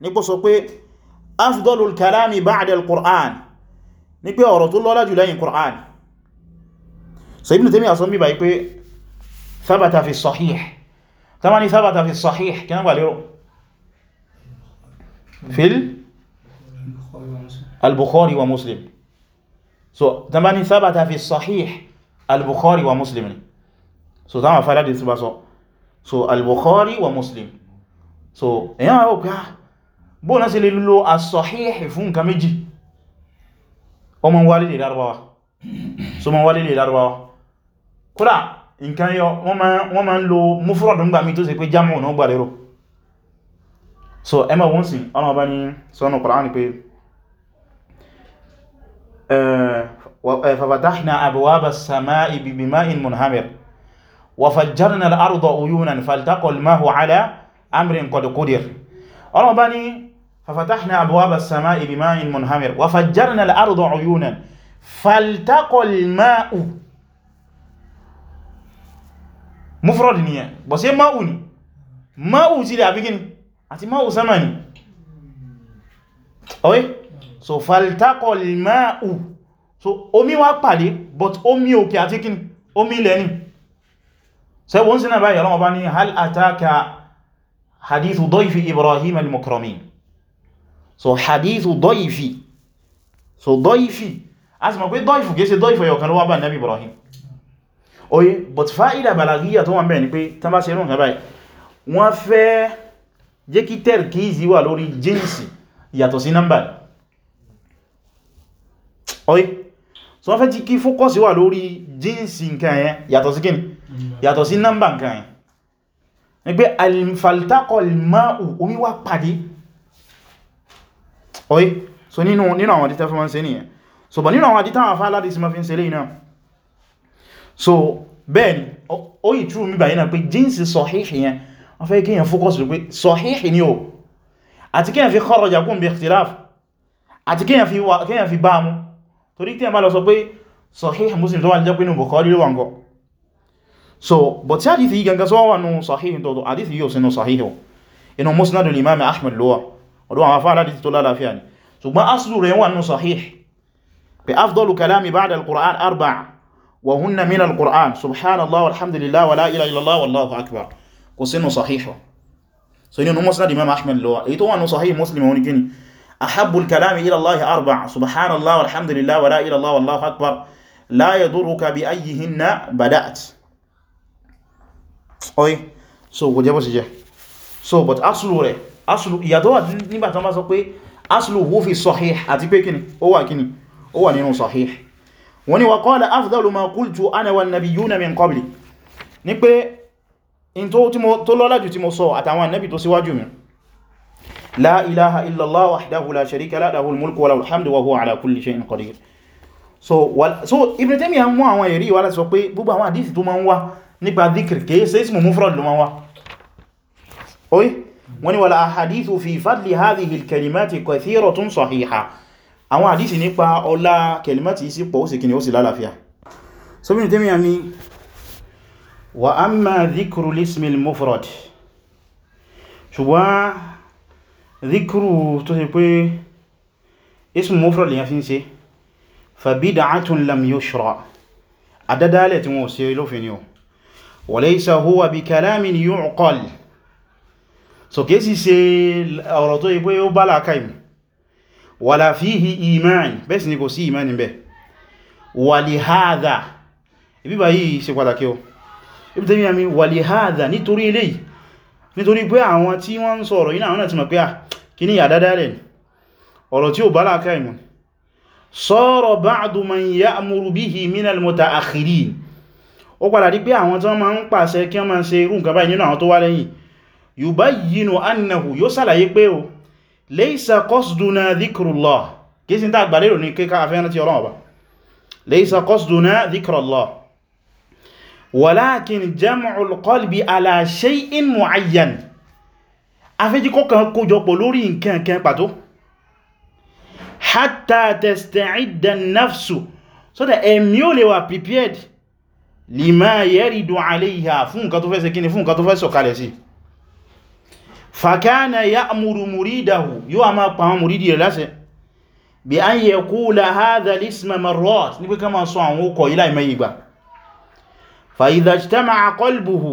ní kó sọ pé afdolul kalami ba'da al-qur'an ní pé ọ̀rọ̀ tó lọ́lá jù lẹ́yìn qur'an so ibn taymiyyah sọ mí báyìí pé thabata fi sahih tama ni thabata fi sahih kí wọ́n lérò fil al-bukhari wa muslim so tàbá ní sábàtà fi sahih al-bukhari wa muslim so tàbá fàdá dì síbá so al-bukhari wa muslim so èyàn àwọn òkú bóò náà sí lè lò as-sahih fún nǹkan méjì o mọ́ wálé lè lárúbáwá so mọ́ wálé lè lárúbáwá kúrà nǹkan yọ wọ́n ma ń lo mufradun gbàmí tó sì pé jamu náà gbà lérò so ẹmọ wọ́n sì ọlọ́ọ̀bá ní sọ́nà Qur'an pé ففتحنا أبواب السماء بماء منهمر وفجرنا الأرض عيونا فالتقى الماء على أمر قد قدر ربني ففتحنا أبواب السماء بماء منهمر وفجرنا الأرض عيونا فالتقى الماء مفرد نية بس ماء ني ماء سيدي أبيكين أتي ماء سماني أوي سو فالتقى الماء so omi wa pàdé but omi òkè àti kí omi ilẹ̀ So sẹ́wọ́n sí náà báyìí ọlọ́wọ́ bá ní hal ataka hadithu dọ́ìfi ibrahim al-mukramin so hadithu dọ́ìfi so dọ́ìfi a sì mọ̀ pé dọ́ìfù kìí ṣe dọ́ìfù ẹ̀yọ̀kan ló wá bá nabi ibrahim oye but fa'ida balagiyya tó wà mẹ́ ni pé tán bá ṣe rún kàbáyì wọ́n fẹ́ jẹ́ kí tẹ́rkízi wà lórí jínsì yàtọ̀ sí nọ́mbà oye so wọ́n fẹ́ ti kí fókọ́sí wà lórí jínsì nǹkan yẹn yàtọ̀ sí kíni mm. yàtọ̀ sí nọ́mbà nǹkan yẹn ni pé alfaltakọ̀ ìmáà omi wá pàdé oye so nínú àwọn àdítẹ́ fún wọn nìyẹn so bọ̀ nínú àwọn àdítẹ́ àwọn afárá láti sinmi fi ń ṣe lẹ́yìn náà àti kí fi bá mú torí tí a bá lọ sọ pé sahih muslim tó wà jẹ́ pínú bukhari ló wà ń gọ́ so but tí hadith yìí gangan sọ́wọ́ wà nù sahih tó tó hadith yìí ò sínú sahih o inú musnadul imam ahmad ló wà ọdún àwọn afá aládìí tó lálàáfíà ni ṣùgbọ́n aslu rẹ̀ wà nù sahih pé afdalu kalami ba'da al-qur'an arba'a wa hunna min al-qur'an subhanallah walhamdulillah wa la ilaha illallah wallahu akbar kò sínú sahih so inú musnad imam ahmad ló wà èyí tó wà sahih muslim wọn ni أحب الكلام إلى الله أربع سبحان الله والحمد لله ولا إلى الله والله أكبر لا يضرك بأيهن بدأت أي so kò jẹ́ bó ṣe jẹ́ so but aslu rẹ̀ aslu ìyàtọ̀ wà nígbà tán bá sọ pé aslu hu fi sahih àti pé kíni ó wà kíni ó wà nínú sahih wọ́n ni wa qala afdalu ma qultu ana wan nabiyyuna min qabli ní pé in tó lọ́lájú tí mo sọ àtàwọn annabi tó síwájú mi لا إله إلا الله وحده لا شريك lahul له الملك lahul hamdu wa huwa ala kulli shay'in qadir so wal so ibn taymiyyah mú àwọn ẹ̀rí wá la sọ pé gbogbo àwọn hadith tó man wá nípa dhikr ke se ismu mufrad ló man wá oy wọ́n ní wala ahadithu fi fadli hadhihi al kalimati kathiratun sahiha àwọn hadith nípa ọlá kalimati sì pọ̀ ó sì kíni ó so ibn taymiyyah ní wa amma dhikru al ismi al dhikru tó ṣe pé ism mufrad lèyàn fi ń ṣe fa bid'atun lam yushra àdádálẹ̀ tí wọ́n ṣe lófin ni o wa laysa huwa bi kalamin yu'qal so kìí sì ṣe ọ̀rọ̀ tó yí pé ó bá láàkáì mú wala fihi iman bẹ́ẹ̀ sì ni kò sí iman níbẹ̀ wa lihadha ìbíbà yìí ṣe pàtàkì o ìbítẹ́ mi wà lihadha nítorí eléyìí nítorí pé àwọn tí wọ́n ń sọ̀rọ̀ yìí náà ti mọ̀ pé à ah, kí ní àdádálẹ̀ ọ̀rọ̀ tí ó bá láàká ìmọ̀ sọ́rọ̀ ba'du man ya'muru bihi minal muta'akhirin ó padà rí pé àwọn tán máa ń pàṣẹ kí wọ́n máa ṣe irú nǹkan báyìí nínú àwọn tó wá lẹ́yìn yubayyinu annahu yóò sàlàyé pé o laysa qasduna dhikrullah kí sí tá àgbàlérò ní kíkà afẹ́rán ti ọlọ́wọ́ ba laysa qasduna dhikrullah walakin jam'ul qalbi ala shay'in mu'ayyan afẹ́jíkọ́ kan kójọpọ̀ lórí nǹkan kan pàtó hatta tasta'idda nafsu so that ẹ̀mí ó lè wà prepared lima yaridu alayha fún nǹkan tó fẹ́ ṣe kíni fún nǹkan tó fẹ́ sọ̀kalẹ̀ sí fakana ya'muru muridahu yóò a máa pàwọn muridi rẹ̀ lásẹ̀ bí an yaqula hadha al-isma marrat ní pé ká máa sọ àwọn okọ̀ ilá ìmẹ́yìgbà fa idha ijtama'a qalbuhu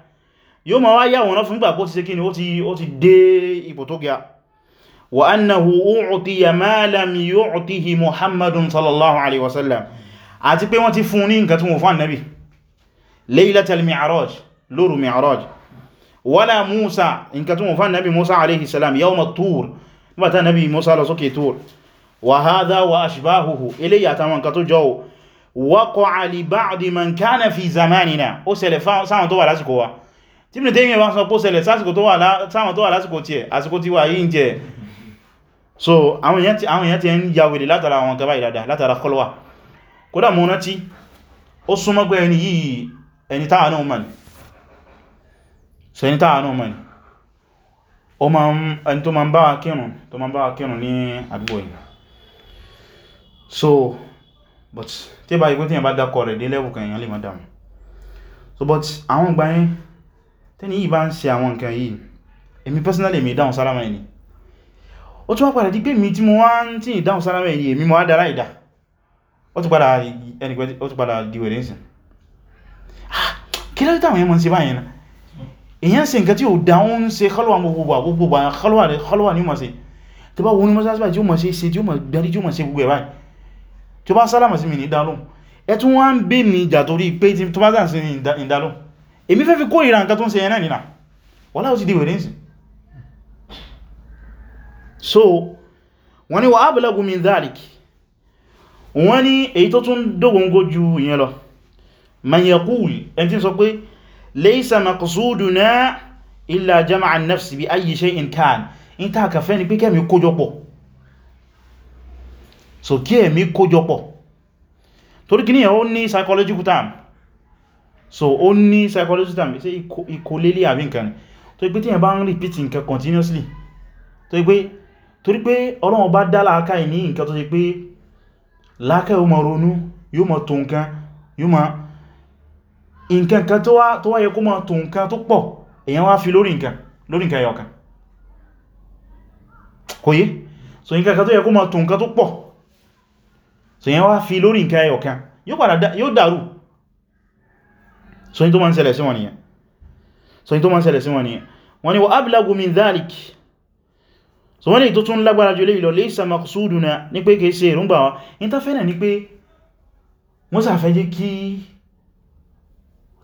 yóò ma wá yàwòrán fún gbàgbó ti ṣe kí ni ó ti dé ipò tó ga wa annahu u'tiya ma lam yu'tihi muhammadun sallallahu alaihi wasallam àti pé wọ́n ti fún ní nǹkan tí wọ́n fún annabi laylatal mi'raj lóru mi'raj wala musa nǹkan tí wọ́n fún annabi musa alaihi salam yawma tur nígbàtí annabi musa lọ sókè tur wa tí Ibn Taymiyyah bá sọ pó ṣẹlẹ̀ sáwọn tó wà lásìkò tí ẹ̀ àsìkò tí wà yìí ń jẹ so àwọn èèyàn ti ń ya wèrè látara àwọn gaba ìdàdà látara kọlọ́wà kódà mọ́ rántí ó súnmọ́gbẹ́ ẹni yìí ẹni táà náà mọ̀ ní so ẹni táà náà mọ̀ ní ó ma ń ẹni tó ma ń bá wa kírùn tó ma ń bá wa kírùn ní àdúgbò yìí so but tí bá igbó tí yẹn bá dákọ̀ rẹ̀ dé lẹ́wù kan èèyàn lè mọ́ dàmù so but àwọn gbáyìn tẹ́ni yìí bá ń ṣe àwọn nǹkan yìí èmi personally èmi ìdáhùn sálámà ẹni ó tún wá padà di pé mi tí mo wá ń tí ìdáhùn sálámà ẹni èmi mo wá dára ìdá ó tún padà ẹnìpẹ́ ó tún padà ah, ṣe tí ó dáhùn ṣe tí ó máa ṣe ṣe tí tí ó bá sálámà sí mi ní ìdálóhùn ẹ tún ń bè mí ìjà torí pé tí tó bá sí ní èmi fẹ́ fi kó ìran nǹkan tó ń ṣe ẹ̀nà nìna wọ́n láwọ́ ti di wèrè ǹsìn so wọ́n ni wà ábìlẹ́gùn min dhalik wọ́n ni èyí tó tún dógóngó ju ìyẹn lọ man yaqul ẹn tí sọ pé laysa maqsuduna illa jama'a nafsi bi ayyi shay'in kan in ta kàfẹ́ ni pé kẹ́mi kójọpọ̀ so kí ẹ̀mí kójọpọ̀ torí kí ni ẹ̀ ó ní psychological term so ó ní psychological term ṣe ìkólélé àbí nǹkan ni tó ipé tí yẹn bá ń repeat nǹkan continuously tó ipé torí pé Ọlọ́run bá dá làákàyè ní nǹkan tó ṣe pé làákàyè yóò máa ronú yóò máa tó nǹkan yóò máa nǹkan kan tó wáyé kó máa tó nǹkan tó pọ̀ èyàn wá fi lórí nǹkan lórí nǹkan ẹyọkan kò yé so nǹkan kan tó yẹ kó máa tó nǹkan tó pọ̀ so èyàn wá fi lórí nǹkan ẹyọkan yóò dàrú so ní tó ma ń ṣẹlẹ̀ sí wọn nìyẹn so ní tó ma ń ṣẹlẹ̀ sí wọn nìyẹn wọ́n ni wa ablagu min dhalik so wọ́n ni tó tún lágbára jù léyìí lọ laysa maqsuduna ní pé kìí ṣe èròǹgbà wa in ta fẹ́nà ni pé wọ́n sàfẹ́ jẹ́ kí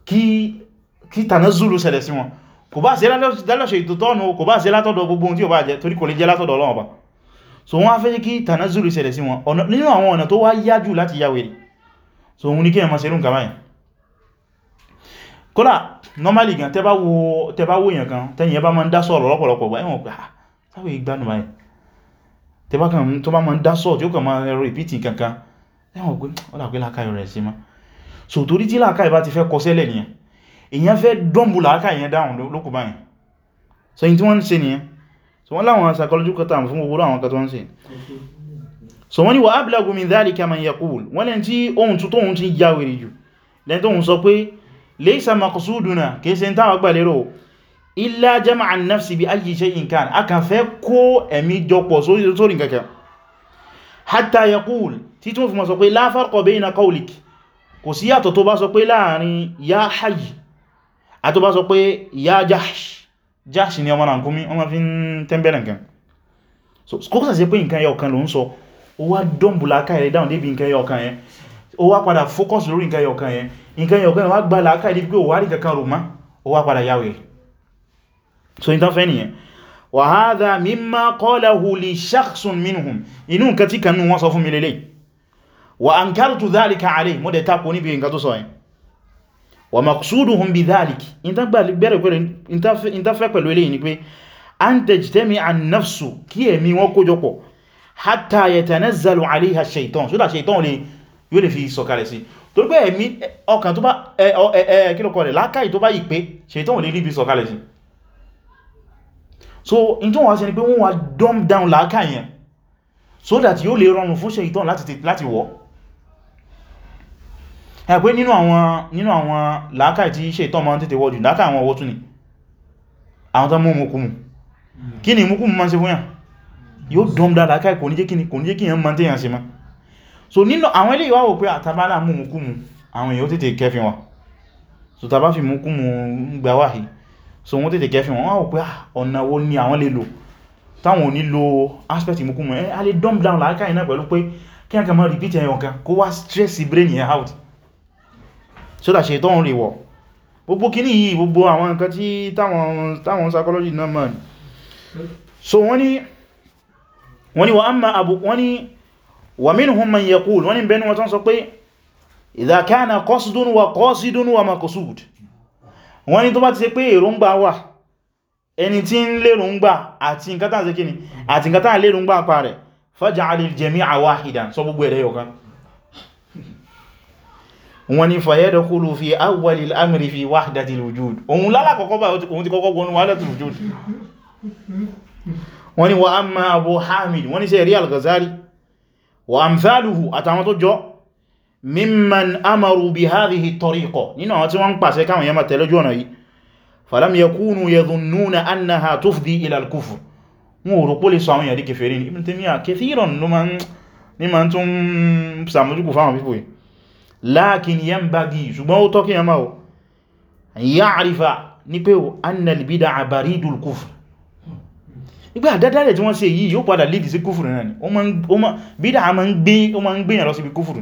kí kí tanazulu ṣẹlẹ̀ sí wọn kò bá ṣe lálọ́ṣe ìtòtọ́nù kò bá ṣe látọ̀dọ̀ gbogbo tí ó bá jẹ́ torí kò lè jẹ́ látọ̀dọ̀ Ọlọ́run Ọba so wọ́n á fẹ́ kí tanazulu ṣẹlẹ̀ sí wọn nínú àwọn ọ̀nà tó wá òun ní kí ẹ má ṣe rún kàmáyìn kódà normally gan tẹba wo tẹba wo èyàn gan tẹ́yìn ẹba ma ń dá sọ̀rọ̀ lọ́pọ̀lọpọ̀ gbà ẹ̀wọ̀n pé sáwẹ̀ ah, ìgbànú báyìí tẹba kan tó bá ma ń dá sọ̀rọ̀ tí ó kàn ma ẹ̀rọ repeating kankan ẹ̀wọ̀n pé ó dàgbé lákàí rẹ̀ sí ma so torí tí lákàí bá ti fẹ́ kọ sẹ́lẹ̀ nìyẹn èyàn fẹ́ dọ́mbù lákàí yẹn dáhùn lókù báyìí so in tí wọ́n ń ṣe nìyẹn so ni wa ablagu min dhalika man yaqul wọ́n lẹ́n tí ohun sọ pé laysa maqsuduna kìí ṣe táwọn gbà lérò illa jama'a an-nafsi bi ayyi shay'in kan a kàn fẹ́ kó ẹ̀mí jọpọ̀ sórí kankan hatta yaqul tí tún fi mọ̀ sọ pé la farqa bayna qawlik kò sí yàtọ̀ tó bá sọ pé láàrin ya hayy àtó bá sọ pé ya jahsh jahsh ni ọmọ náà kúmí ọmọ fi ń tẹ́m̀bẹ̀rẹ̀ nǹkan so kókùsà sí pé nǹkan yọ kan ló ń sọ ó wá dọ́mbùlá káyẹ̀ dáhùn débi nǹkan yọ kan yẹn ó wá padà fókọ́s lórí nǹkan yọ̀kan yẹn nǹkan yọ̀kan yẹn wá gbà láàkà ìdí pé ó wárí kankan rò má ó wá padà yáwẹ̀ so in tán fẹ́ nìyẹn wa hadha mimma qalahu li shakhsun minhum inú nǹkan tí kanú wọ́n sọ fún mi lélẹ̀ wa ankartu dhalika alayhi mo dẹ̀ tako níbi nǹkan tó sọ yẹn wa maqsuduhum bi dhalik in ta bẹ̀rẹ̀ pẹ̀lú in pẹ̀lú eléyìí ni pé an tajtami an nafsu kí ẹ̀mí wọn kójọpọ̀ hatta yatanazzalu alayha shaitan so da shaitan yóò lè fi sọ̀kalẹ̀ sí torí pé ẹ̀mí ọkàn tó bá kílọ̀kọ̀ rẹ̀ lákàí tó bá yìí pé ṣètọ́n lè ríbi sọ̀kalẹ̀ sí so in tó wọ́n ṣe ni pé wọ́n wá dumb down lákàí yẹn so that yóò lè rọrùn fún ṣètọ́n láti wọ́ ẹ pé nínú àwọn nínú àwọn lákàí tí ṣètọ́n máa ń tètè wọ́jù lákàí àwọn ọwọ́ tún ni àwọn tán mú mọ́kúnmù hmm. kí ni mọ́kúnmù máa ń ṣe fún yàn yóò dumb down lákàí kò ní jẹ́ kí yàn máa tẹ́yàn sí máa so nínú àwọn ilé ìwà òpé àtàbánà ah, mú mùkúmù àwọn èèyàn tètè kẹfin wọn so tàbá fi mùkúmù ń gba wáhì so wọ́n tètè kẹfin wọn wọ́n wọ́n pé ah, ọ̀nà wo ni àwọn lè lò táwọn ní lo aspect mùkúmù ẹ a lè dumb down láàká iná pẹ̀lú pé kí repeat ẹyọ kan kó wá brain out so that ṣe tọ́run rè wọ̀ gbogbo kíní yìí gbogbo àwọn psychology náà mọ̀ so wọ́n ni wọ́n ni wọ́n á wọ́n ni wa minhum man yaqul wọ́n ni bẹnu wọ́n tán sọ pé idha kana qasdun wa qasidun wa maqsud wọ́n ni tó bá ti ṣe pé èròǹgbà wà ẹni tí ń léròǹgbà àti nkátà ṣe kíni àti nkátà léròǹgbà pa rẹ̀ faj'al al-jami'a wahidan sọ gbogbo ẹ̀rẹ́ yọkan wọ́n ni fayadkhulu fi awwal al-amri fi wahdati wa amthaluhu àtàwọn tó jọ mimman amaru bi hadhihi tariqa nínú àwọn tí wọ́n pàṣẹ káwọn yẹmà tẹ̀lé jọ́nà yìí falam yakunu yadhunnuna annaha tufdi ila al-kufr wọn ò rò pó lè sọ àwọn yàrí kèfèrí ní Ibn Taymiyyah kathiran ló ma ń tún sàmójúkù fáwọn pípò yìí lakin yanbaghi ṣùgbọ́n ó tọ́kí yamma o ya'rifa ní pé annal bid'a baridul kufr ìgbà àdádálẹ̀ tí wọ́n ṣe yìí yóò padà lìdí sí kúfùrù náà ni bídà a ma ń gbé yàn lọ sí ibi kúfùrù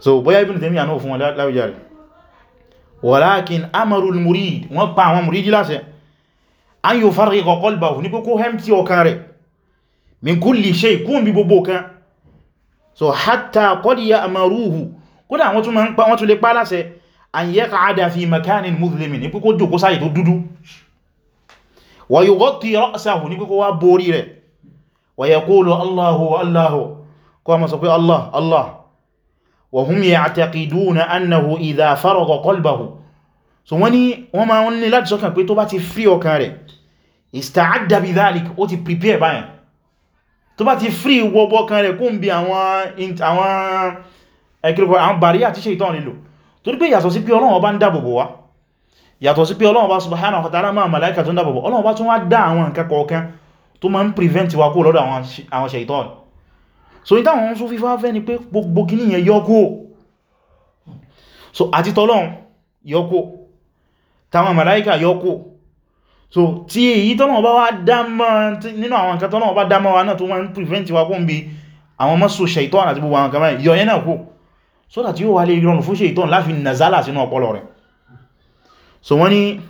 so bóyá Ibn Taymiyyah náà fún wọn láwíjá rẹ̀ walakin amarul murid wọ́n pa àwọn muridi láṣẹ an yufarriqa qalbahu ní kókó hẹ́mtí ọkàn min kulli shay kún bí gbogbo kan so hatta qad ya'maruhu kódà wọ́n tún lè pa láṣẹ an yaq'ada fi makanin mudhlimin ní kókó jòkó sáyè tó wa yughatti ra'sahu ní kókó wá borí rẹ̀ wa yaqulu Allahu Allahu kó ma sọ pé Allah Allah wa hum ya'taqiduna annahu idha faragha qalbahu so wani wọ́n ma wọ́n ní láti sọ́kàn pé tó bá ti free ọkàn rẹ̀ ista'adda bi dhalik ó ti prepare báyẹn tó bá ti free wọ́bọ́ kan rẹ̀ kún bí àwọn ẹkìrìkọ̀ àwọn bàríyà tí ṣe ìtọ́ nílò torí pé sí pé Ọlọ́run bá ń dáàbòbò wa yàtọ̀ sí pé Ọlọ́run bá subhanahu wa ta'ala máa màláíkà tó ń dábọ̀bọ̀ Ọlọ́run bá tún wá dá àwọn nǹkan kọ̀ọ̀kan tó máa ń prevent wa kó lọ́dọ̀ àwọn ṣẹ̀tọ́n so ìta àwọn sún fífá fẹ́ ni pé gbogbo yẹn so àti tọ́lọ́run yọ́kó táwọn màláíkà yọ́kó so tí èyí tọ́lọ́run bá wá dámọ́ nínú àwọn nǹkan tọ́lọ́run bá dámọ́ wa náà tó máa ń prevent wa kó ń bi yọ kó so that yóò wá lè rọrùn fún ṣẹ̀tọ́n láfi nàzálà sínú so wani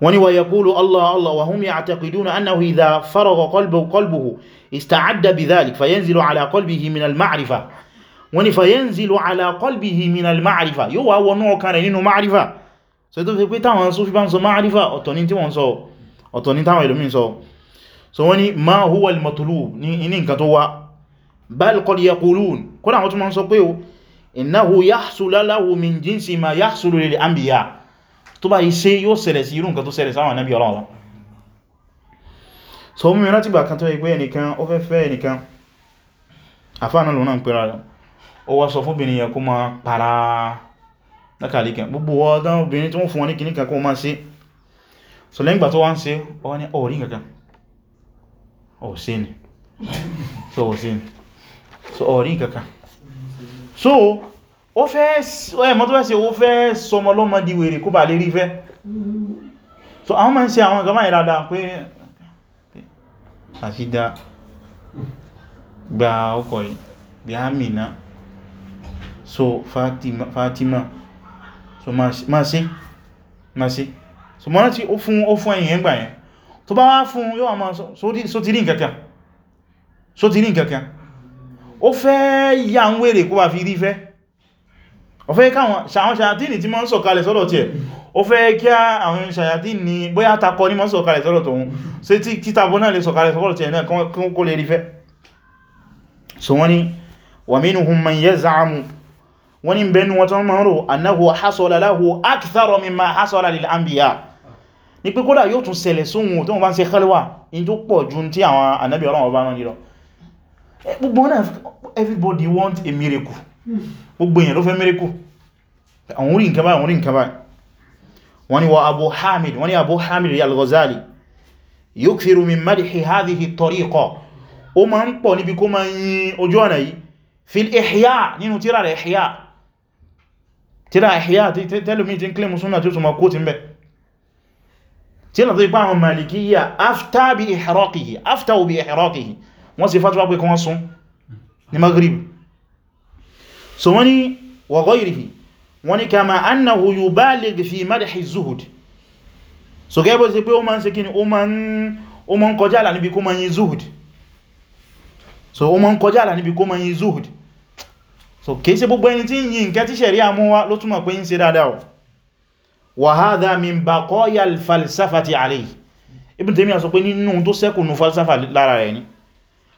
wani wa yaqulu Allah Allah wa hum ya'taqiduna annahu idha faragha qalbuhu qalbuhu ista'adda bidhalik fayanzilu ala qalbihi min al-ma'rifa wani fayanzilu ala qalbihi min al-ma'rifa yo wa wonu ọkàn rẹ̀ nínú ma'rifa so to pé tàwọn sufi ban sọ ma'rifa ọ̀tọ̀ ni tí wọ́n sọ ọ̀tọ̀ ni tàwọn ẹlòmíì sọ so wani ma huwa al-matlub ni nǹkan tó wà bal qad yaqulun kula wọ́n tún man sọ pé o innahu yahsulu lahu min jinsi ma yahsulu lil anbiya tó bá iṣẹ́ yóò ṣẹlẹ̀ sí irú nǹkan tó ṣẹlẹ̀ sáwọn ànábì Ọlọ́run so mú mìíràn ti bà kan tó ẹgbẹ́ ẹnìkan ó fẹ́ fẹ́ ẹnìkan àfáànà lónà ń pèrà ó wá sọ fóbìnrin yẹn kó ma para lákàlíkẹ̀ gbogbo ọdán obìnrin tó ń fún wọn ní kìníkà kó so ó fẹ́ ẹmọ́ tó fẹ́ ṣe ó fẹ́ sọmọ lọ́mọ di wèrè kó bà lè rí fẹ́ so àwọn máa ń ṣe àwọn ìgbàmà ìrada pé àfídá gba ọkọ̀ bí Amina so Fatima, Fatima so ma ṣe ma ṣe so mọ́ láti ó fún ó fún ẹ̀yìn ẹgbà yẹn tó bá wá fún yóò àmà so ti rí nǹkankan so ti rí nǹkankan ó fẹ́ ya ń wèrè kó bá fi rí fẹ́ ó fẹ́ káwọn ṣàyàtíìnì tí ma ń sọ̀kalẹ̀ sọ́dọ̀ tí ẹ̀ ó fẹ́ kí àwọn ṣàyàtíìnì bóyá takọ ní ma ń sọ̀kalẹ̀ sọ́dọ̀ tọ̀hún sí tí títàbọ̀ náà lè sọ̀kalẹ̀ sọ́dọ̀ tí ẹ̀ náà kó lè rí fẹ́ so wọ́n ni wa minhum man yaz'amu wọ́n ni bẹnu wọn kódà yóò tún ṣẹlẹ̀ sóhun tó wọ́n bá ń ṣe khalwa in tó pọ̀ ju tí àwọn ànábì Ọlọ́run bá rán nílọ Eh, gbogbo náà everybody want a miracle gbogbo èyàn ló fẹ́ miracle àwọn orí nǹkan báyìí àwọn orí nǹkan báyìí wọ́n ní wọ́n Abu Hamid wọ́n ní Abu Hamid al-Ghazali yukthiru min madhi hadhihi at-tariqa ó ma ń pọ̀ níbi kó ma yìn ojú ọ̀nà yìí fil ihya nínú tíra rẹ̀ ihya tíra ihya tẹ́lùmí ti ń kílẹ̀ musulman tí ó túnmọ̀ kó ti ń bẹ̀ tíra tó ipá àwọn malikiya afta bi ihraqihi afta bi ihraqihi wọ́n ṣe fatuwa pé kan sun ní maghrib so wọ́n ní wa ghayrihi wọ́n ní kama annahu yubaligh fi madhi zuhud so gẹ́bọ́ sí pé ó ma ń ṣe kíni ó ma ń kọjá àlà níbi kó ma yin zuhud so ó ma ń kọjá àlà níbi kó ma yin zuhud so kìí ṣe gbogbo ẹni tí ń yin nǹkan tí ṣẹ̀rí àmúwá ló túnmọ̀ pé ń ṣe dáadáa wa hadha min baqaya al-falsafati alayhi Ibn Taymiyyah sọ pé nínú tó ṣẹ́kù nù falsafa lára rẹ̀ ni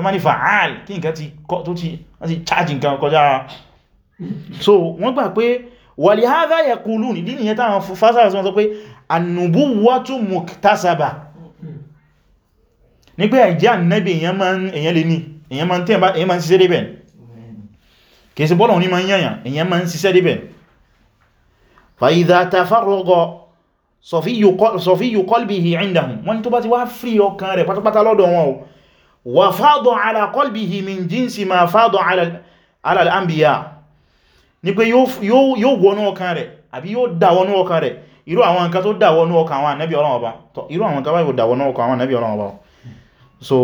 tó má ní fa'al kí nǹkan ti tó ti wọ́n ti nǹkan kọjá so wọ́n gbà pé wàlì hádá yaqulun ìdí nìyẹn táwọn fásitì wọ́n sọ pé annubuwatu muktasaba ní pé àìjẹ́ annabi èyàn lè ní èyàn ma ń ṣiṣẹ́ débẹ̀ kìí sí bọ́lọ̀ ní ma ń yàyàn èyàn ma ń ṣiṣẹ́ débẹ̀ fa idha tafarraga safiyyu qalbihi wa fada ala qalbihi min jinsi ma fada ala al-anbiya ní pé yóò wọnú ọkàn rẹ̀ àbí yóò dà wọnú ọkàn rẹ̀ irú àwọn nǹkan tó dà wọnú ọkàn àwọn ànábì Ọlọ́run Ọba tó irú àwọn nǹkan báyìí dà so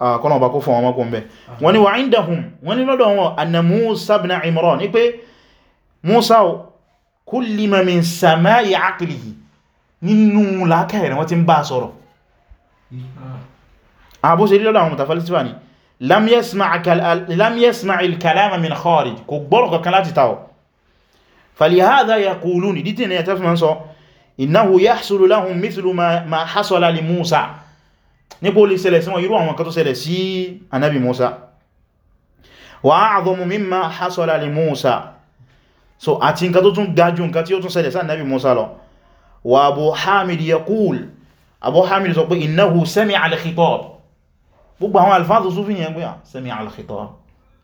kọ́nà ọba kó fún ọmọ kó ń bẹ wọ́n ni wà indahum wọ́n ni lọ́dọ̀ wọn anna Musa ibn Imran ní pé Musa kullima min sama'i aqlihi nínú làákàyè rẹ̀ wọ́n ti ń àbó ah, ṣe rí lọ́dọ̀ àwọn mutafalsifa ni lam yasma' al-kalama min kharij kò gbọ́rọ̀ kankan láti tàwọ̀ falihadha yaqulun ìdítì ní ẹ̀tẹ́fì ma ń sọ innahu yahsulu lahum mithlu ma hasala li Musa nípo lè ṣẹlẹ̀ sí wọn irú àwọn kan tó sí so àti nǹkan tó tún gajù nǹkan tí ó tún ṣẹlẹ̀ sí anábi Musa lọ wa Abu Hamid yaqul Abu gbogbo àwọn alfáàzù súfí yẹn gbé ah, sẹ́mi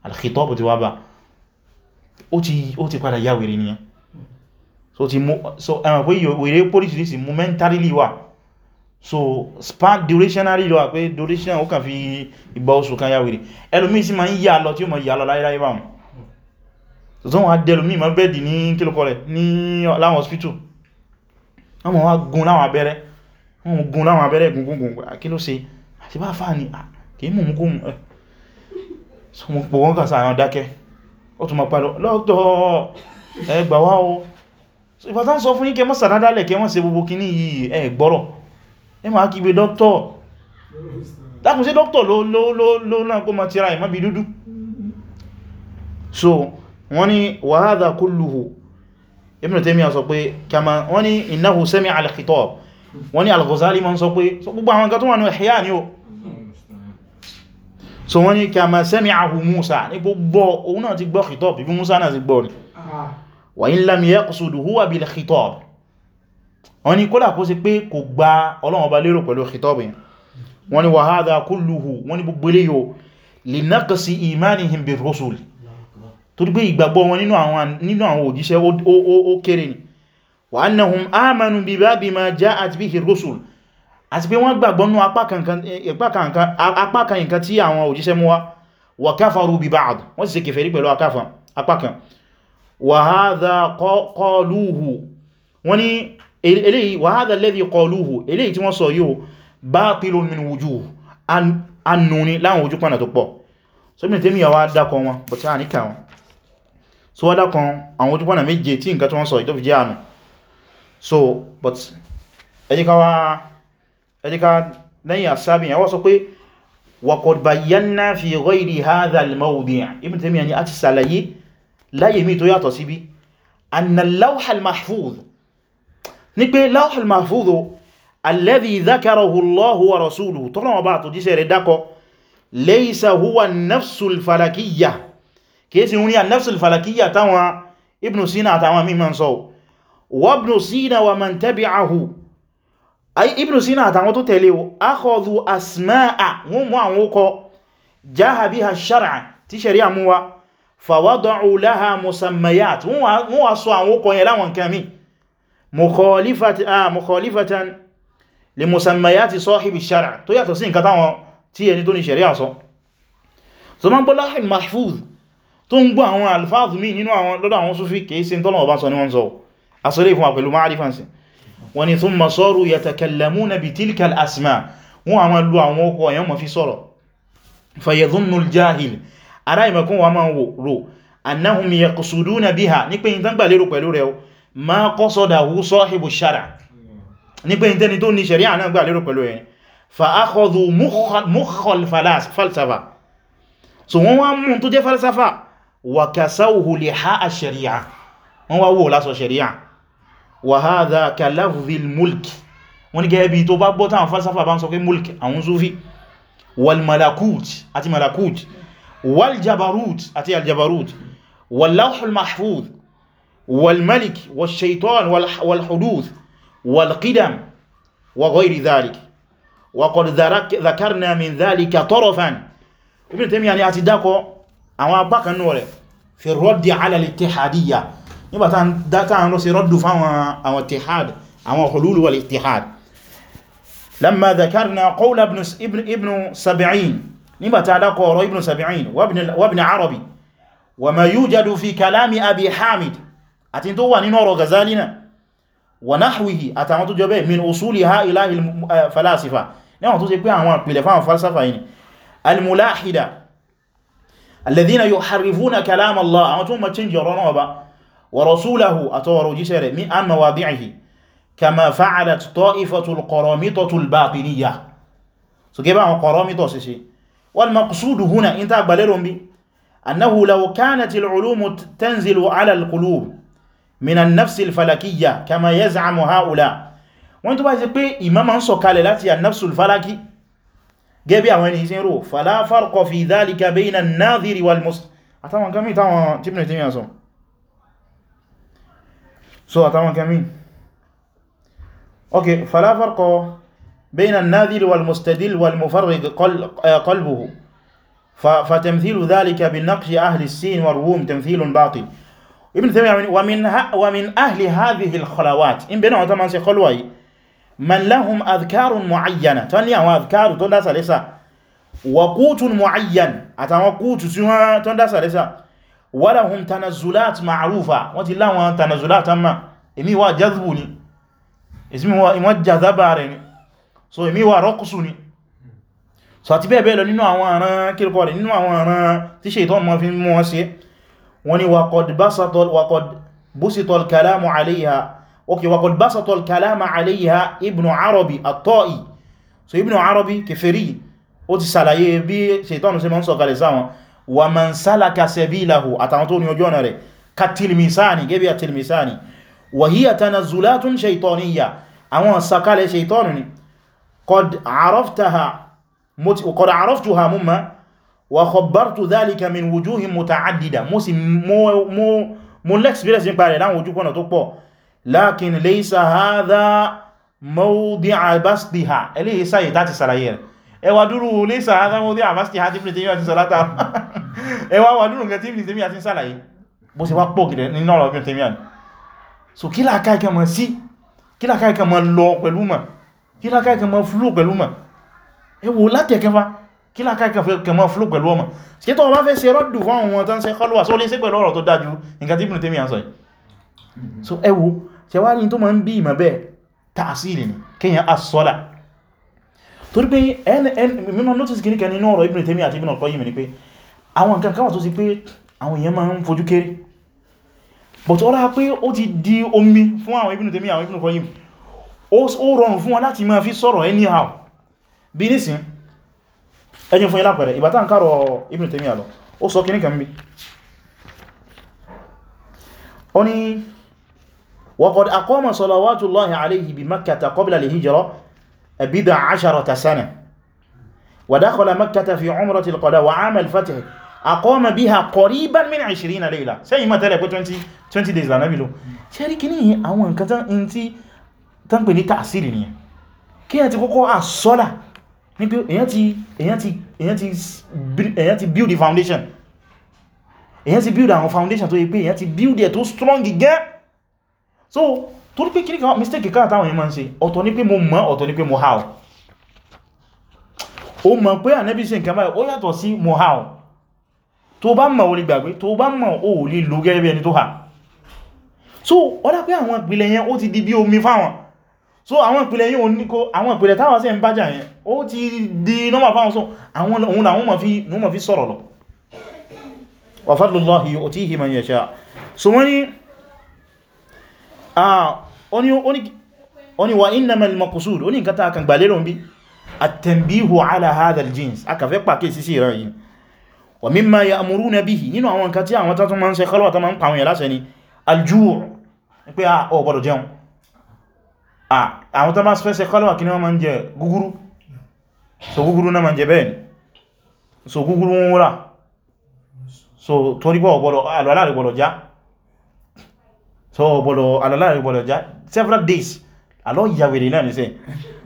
alkhitab bó ti wá bá ó ti padà yá wèrè nìyẹn so ti mú so ẹ̀mọ̀ pé wèrè pólìsìlìsì momentarily wà so span durationary lọ pé duration ó kàn fi ìgbà oṣù kan yá wèrè ẹlòmí sí ma ń yà lọ tí ó mọ̀ yà lọ láíláí bá wọn tó wọ́n adẹ́lòmí ma bẹ́ẹ̀dì ní kílùkọ́ rẹ̀ ní láwọn hospital wọ́n mọ̀ wá gun láwọn àti ah, ah, bá fà ní kìí mú mú ẹ eh. so mo pọ̀ wọ́n kà sáàrán dákẹ́ ó tún ma padà lọ́tọ̀ ẹgbà wá o so ìfàtà ń sọ fún yínkẹ mọ́ sàdádálẹ̀ kẹ mọ́ ṣe gbogbo kìíní yìí ẹ gbọ́rọ̀ ẹ ma kígbe dọ́kítọ̀ dákùn so wọ́n ni wa hadha kulluhu Ibn Taymiyyah sọ pé kama innahu sami'a al-khitab al-Ghazali ma ń sọ pé gbogbo àwọn nǹkan tó wà ni o so wọ́n ní kama sami'ahu Musa ní gbogbo òun náà ti gbọ́ khitab bí Musa náà ti gbọ́ ni wa in lam yaqsudu huwa bil khitab wọ́n ní kódà kó ṣe pé kò gba Ọlọ́run bá lérò pẹ̀lú khitab wọ́n ní wa hadha wọ́n ní gbogbo àti pé wọ́n gbàgbọ́ nú eh, apá kan nǹkan tí àwọn òjíṣẹ́ mú wá wa kafaru bi ba'd wọ́n sì ṣe kèfèrí pẹ̀lú apá kan wa qaluhu wọ́n ní eléyìí wa hadha alladhi qaluhu eléyìí tí wọ́n sọ yóò batilun min wujuh annú ní láwọn ojú pọ̀nà so mi tèmi yàwó dákọ̀ wọn bọ̀ so wọ́n dákọ̀ àwọn ojú pọ̀nà méje tí nǹkan tí wọ́n so but ẹjíkáwàá ẹjíká lẹ́yìn asábì yẹn wọ́n sọ pé waqad bayyana fi ghayri hadha al-mawdi' Ibn Taymiyyah ni a ti sàlàyé láyé mi tó yàtọ̀ síbí anna al-lawh al-mahfuz ní pé lawh al-mahfuz alladhi dhakarahu Allahu wa rasuluhu tọ́nà ọba àtò jíṣẹ́ rẹ̀ dákọ laysa huwa an-nafsu sí wúní an Sina àtàwọn mímọ̀ sọ wa Sina wa man tabi'ahu ibn sina àtàwọn tó tẹ̀lé o akhadhu asma'a wọ́n mú àwọn ókọ jaha biha shar'a tí sharia mú wa fawada'u laha musammayat wọ́n wá sọ àwọn ókọ yẹn láwọn nǹkan mi mukhalifatan li musammayati sahibi shar'a tó yàtọ̀ sí nǹkan táwọn tí ẹni tó ní sharia sọ so ma ń gbọ́lá mahfuz tó ń gbọ́ àwọn alfáàzù mi nínú àwọn lọ́dọ̀ àwọn sufi kìí sí tọ́lọ̀ ọba sọ ní wọ́n sọ àsọlé ìfún àpẹ̀lú ma'arifansin wọ́n ni thumma saru yatakallamuna bi tilka al-asma wọ́n a máa lo àwọn ọkọ̀ yẹn mọ̀ fi sọ̀rọ̀ fayadhunnu al-jahil ará ìmọ̀kún wa máa rò annahum yaqsuduna biha ní pé ìtàn gbàlérò pẹ̀lú rẹ̀ ma qasadahu sahibu shara ní pé ìtẹni tó ní ṣẹ̀ríà náà gbàlérò pẹ̀lú ẹ̀ fa akhadhu mukhal falsafa so wọ́n wá mú tó jẹ́ falsafa wa kasawhu liha ash-shari'a wọ́n wá wò lásọ ṣẹ̀ríà wa hadha ka lafzil mulk wọ́n ní gẹ́gẹ́ bí tó bá gbọ́ táwọn falsafa bá ń sọ pé mulk àwọn sufi wal malakut àti malakut wal jabarut àti aljabarut wal lawhul mahfuz wal malik wal shaitan wal huduth wal qidam wa ghayri dhalik wa qad dhakarna min dhalika tarafan Ibn Taymiyyah ni a ti dákọ àwọn apákanú rẹ̀ fi raddi ala al-ittihadiyya nígbà tá ń lọ sí rọ́dù fáwọn àwọn tihad àwọn hulul wal ittihad lamma dhakarna qawla ibn sabi'in nígbà tá dákọ̀ ọ̀rọ̀ ibn sabi'in wa ibn arabi wa ma yujadu fi kalami abi hamid àti tó wà nínú ọ̀rọ̀ ghazali náà wa nahwihi àtàwọn tó jọ bẹ́ẹ̀ min usuli ha ilahil eh, falasifa níwọ̀n tó ṣe pé àwọn àpìlẹ̀ fáwọn falsafa yìí al-mulahida alladhina yuharrifuna kalam Allah àwọn tó mọ̀ change ọ̀rọ̀ náà ba wa rasulahu àtọwọ̀rọ̀ òjíṣẹ́ rẹ̀ ní an mawadi'ihi kama fa'alat ta'ifatul qaromitotul batiniya so gẹ́bà àwọn qaromito sí sí wal maqsudu huna in ta gbalero bi annahu law kanatil ulumu tanzilu ala alqulub min an-nafs al-falakiyya kama yaz'amu ha'ula wọ́n tó bá ṣe pé imama ń sọ̀kalẹ̀ láti an-nafs al-falaki gẹ́bí àwọn ẹni ìsin rò fala farqa fi dhalika bayna an-nadhiri wal-muslim àtàwọn kan mìí táwọn tíbìnrin tíbìnrin sọ سو àtàwọn كامين اوكي فلا فرق بين an والمستدل wal آه، قلبه فتمثيل ذلك بالنقش أهل السين والروم تمثيل باطل ابن تيمية يعني ومن ومن أهل هذه الخلوات إن بينهم طبعا سيقولوا من لهم أذكار معينة تاني أو يعني أذكار تندس ليس وقوت معين اتوقوت قوت سوى تندس ليس walahum tanazulat ma'rufa wọ́n ti láwọn tanazulat amma èmi wà jazbu ni ìwọ́n jazaba rẹ̀ ni so èmi wà rọ́kùsù ni so àti bẹ́ẹ̀ bẹ́ẹ̀ lọ nínú àwọn àrán kílùkọ́ rẹ̀ nínú àwọn àrán tí ṣe ìtọ́ mọ́ fi mú wọn sí wọ́n ni waqad busitol kalamu alayha okay waqad basatol kalama alayha ibnu arabi at so ibnu arabi keferi ó ti ṣàlàyé bí ṣe ìtọ́nù sí mọ́ sọ̀kalẹ̀ sáwọn wa man salaka sabilahu àtàwọn tó ní ojú ọ̀nà rẹ̀ ka tilmisani gẹ́bí tilmisani wa hiya tanazzulatun shaytaniyya àwọn sakalẹ̀ shaytanu ni qad araftaha qad araftuha mumma wa khabbartu dhalika min wujuhin muta'addida mo si mo mo l'experience nípa rẹ̀ láwọn ojú pọ̀nà tó pọ̀ lakin laysa hadha mawdi'a basdiha eléyìí sáyẹ̀ láti sàlàyé rẹ̀ ẹwà dúró lè sàárá mọ́ dí àmásìkì àti ìpínlẹ̀ tèmi àti sọ̀látà ẹwà wà dúró nǹkan tí ìpínlẹ̀ tèmi àti sàlàyé bó ṣe wá pọ̀ gìdẹ̀ nínú ọ̀rọ̀ ìpínlẹ̀ tèmi àti so kí láàkáìkẹ́ mọ́ sí kí láàkáìkẹ́ mọ́ lọ pẹ̀lú mọ̀ kí láàkáìkẹ́ mọ́ fló pẹ̀lú mọ̀ ẹwò láti ẹ̀kẹfà kí láàkáìkẹ́ mọ́ fló pẹ̀lú ọmọ ṣe tó bá fẹ́ ṣe rọ́dù fún àwọn tán ṣe kọlùwà só lé sí pẹ̀lú ọ̀rọ̀ tó dájú nǹkan tí ìpínlẹ̀ tèmi àti sọ ṣẹwàá ní tó máa ń bí ìmọ̀ bẹ́ẹ̀ tààsí ìrìn kíyàn torí pé mímọ̀ notice kìí kan nínú ọ̀rọ̀ Ibn Taymiyyah àti Ibn al-Qayyim ni pé àwọn nǹkan kan wà tó sì pé àwọn èèyàn máa ń fojú kéré but ọlá pé ó ti di omi fún àwọn Ibn Taymiyyah àwọn Ibn al-Qayyim ó rọrùn fún wọn láti máa fi sọ̀rọ̀ anyhow bí nísìn ẹjìn fún ilápẹ̀rẹ̀ ìbátá ń kárọ̀ Ibn Taymiyyah lọ ó sọ kìí kan bí ó ní wa qad aqama salawatullahi alayhi bi Makkah qabla al-hijra بضع عشرة سنة ودخل مكة في عمرة القضاء وعام الفتح أقام بها قريبا من عشرين ليلة سيما ما تلك 20, 20 days لنا بلو شاركني أولا كتان انتي تنبي ní tàṣírí ni kí ẹ ti kọ́kọ́ àṣọ́lá ní pé èyàn ti build the foundation èyàn ti build àwọn foundation tó yí pé èyàn ti build ẹ̀ tó strong gan so torí pé kíríkà mistake káà táwọn èèyàn máa ń ṣe ọ̀tọ̀ ní pé mo mọ̀ ọ̀tọ̀ ní pé mo how o mọ̀ pé ànẹ́bí ṣe nǹkan báyìí ó yàtọ̀ sí mo how tó bá mọ̀ o lè gbàgbé tó bá mọ̀ o lè lò gẹ́gẹ́ bí ẹni tó ha so ọ̀dá pé àwọn ìpìlẹ̀ yẹn ó ti di bí omi fáwọn so àwọn ìpìlẹ̀ yẹn ò ní kó àwọn ìpìlẹ̀ táwọn ṣe ń bájà yẹn ó ti di nọ́mà fáwọn so àwọn òun làwọn mọ̀ fi sọ̀rọ̀ lọ wa fadlullahi yu'tihi man yasha so wọ́n ni ó ní wa innamal maqsud ó ní nǹkan tàà kan gbà lérò bí at-tanbihu ala hadha al-jins akàfẹ́ pàkè sí sí ìran yìí wa mimma ya'muruna bihi nínú àwọn nǹkan tí àwọn tátún ma ń ṣe kọlọ̀wà tó ma ń pàwọn yà láṣẹ ni al-ju' pé a ah, ò gbọdọ̀ jẹun àwọn tó ma fẹ́ ṣe kọlọ̀wà kí ni wọ́n ma so gúgúrú náà ma ń jẹ so gúgúrú ń so torí pọ̀ ọ̀gbọ̀dọ̀ alọ́lá rẹ̀ gbọdọ̀ já so bọ̀lọ̀ alàláàrin bọ̀lọ̀ já several days alọ́ ìyàwèrè náà nìsẹ́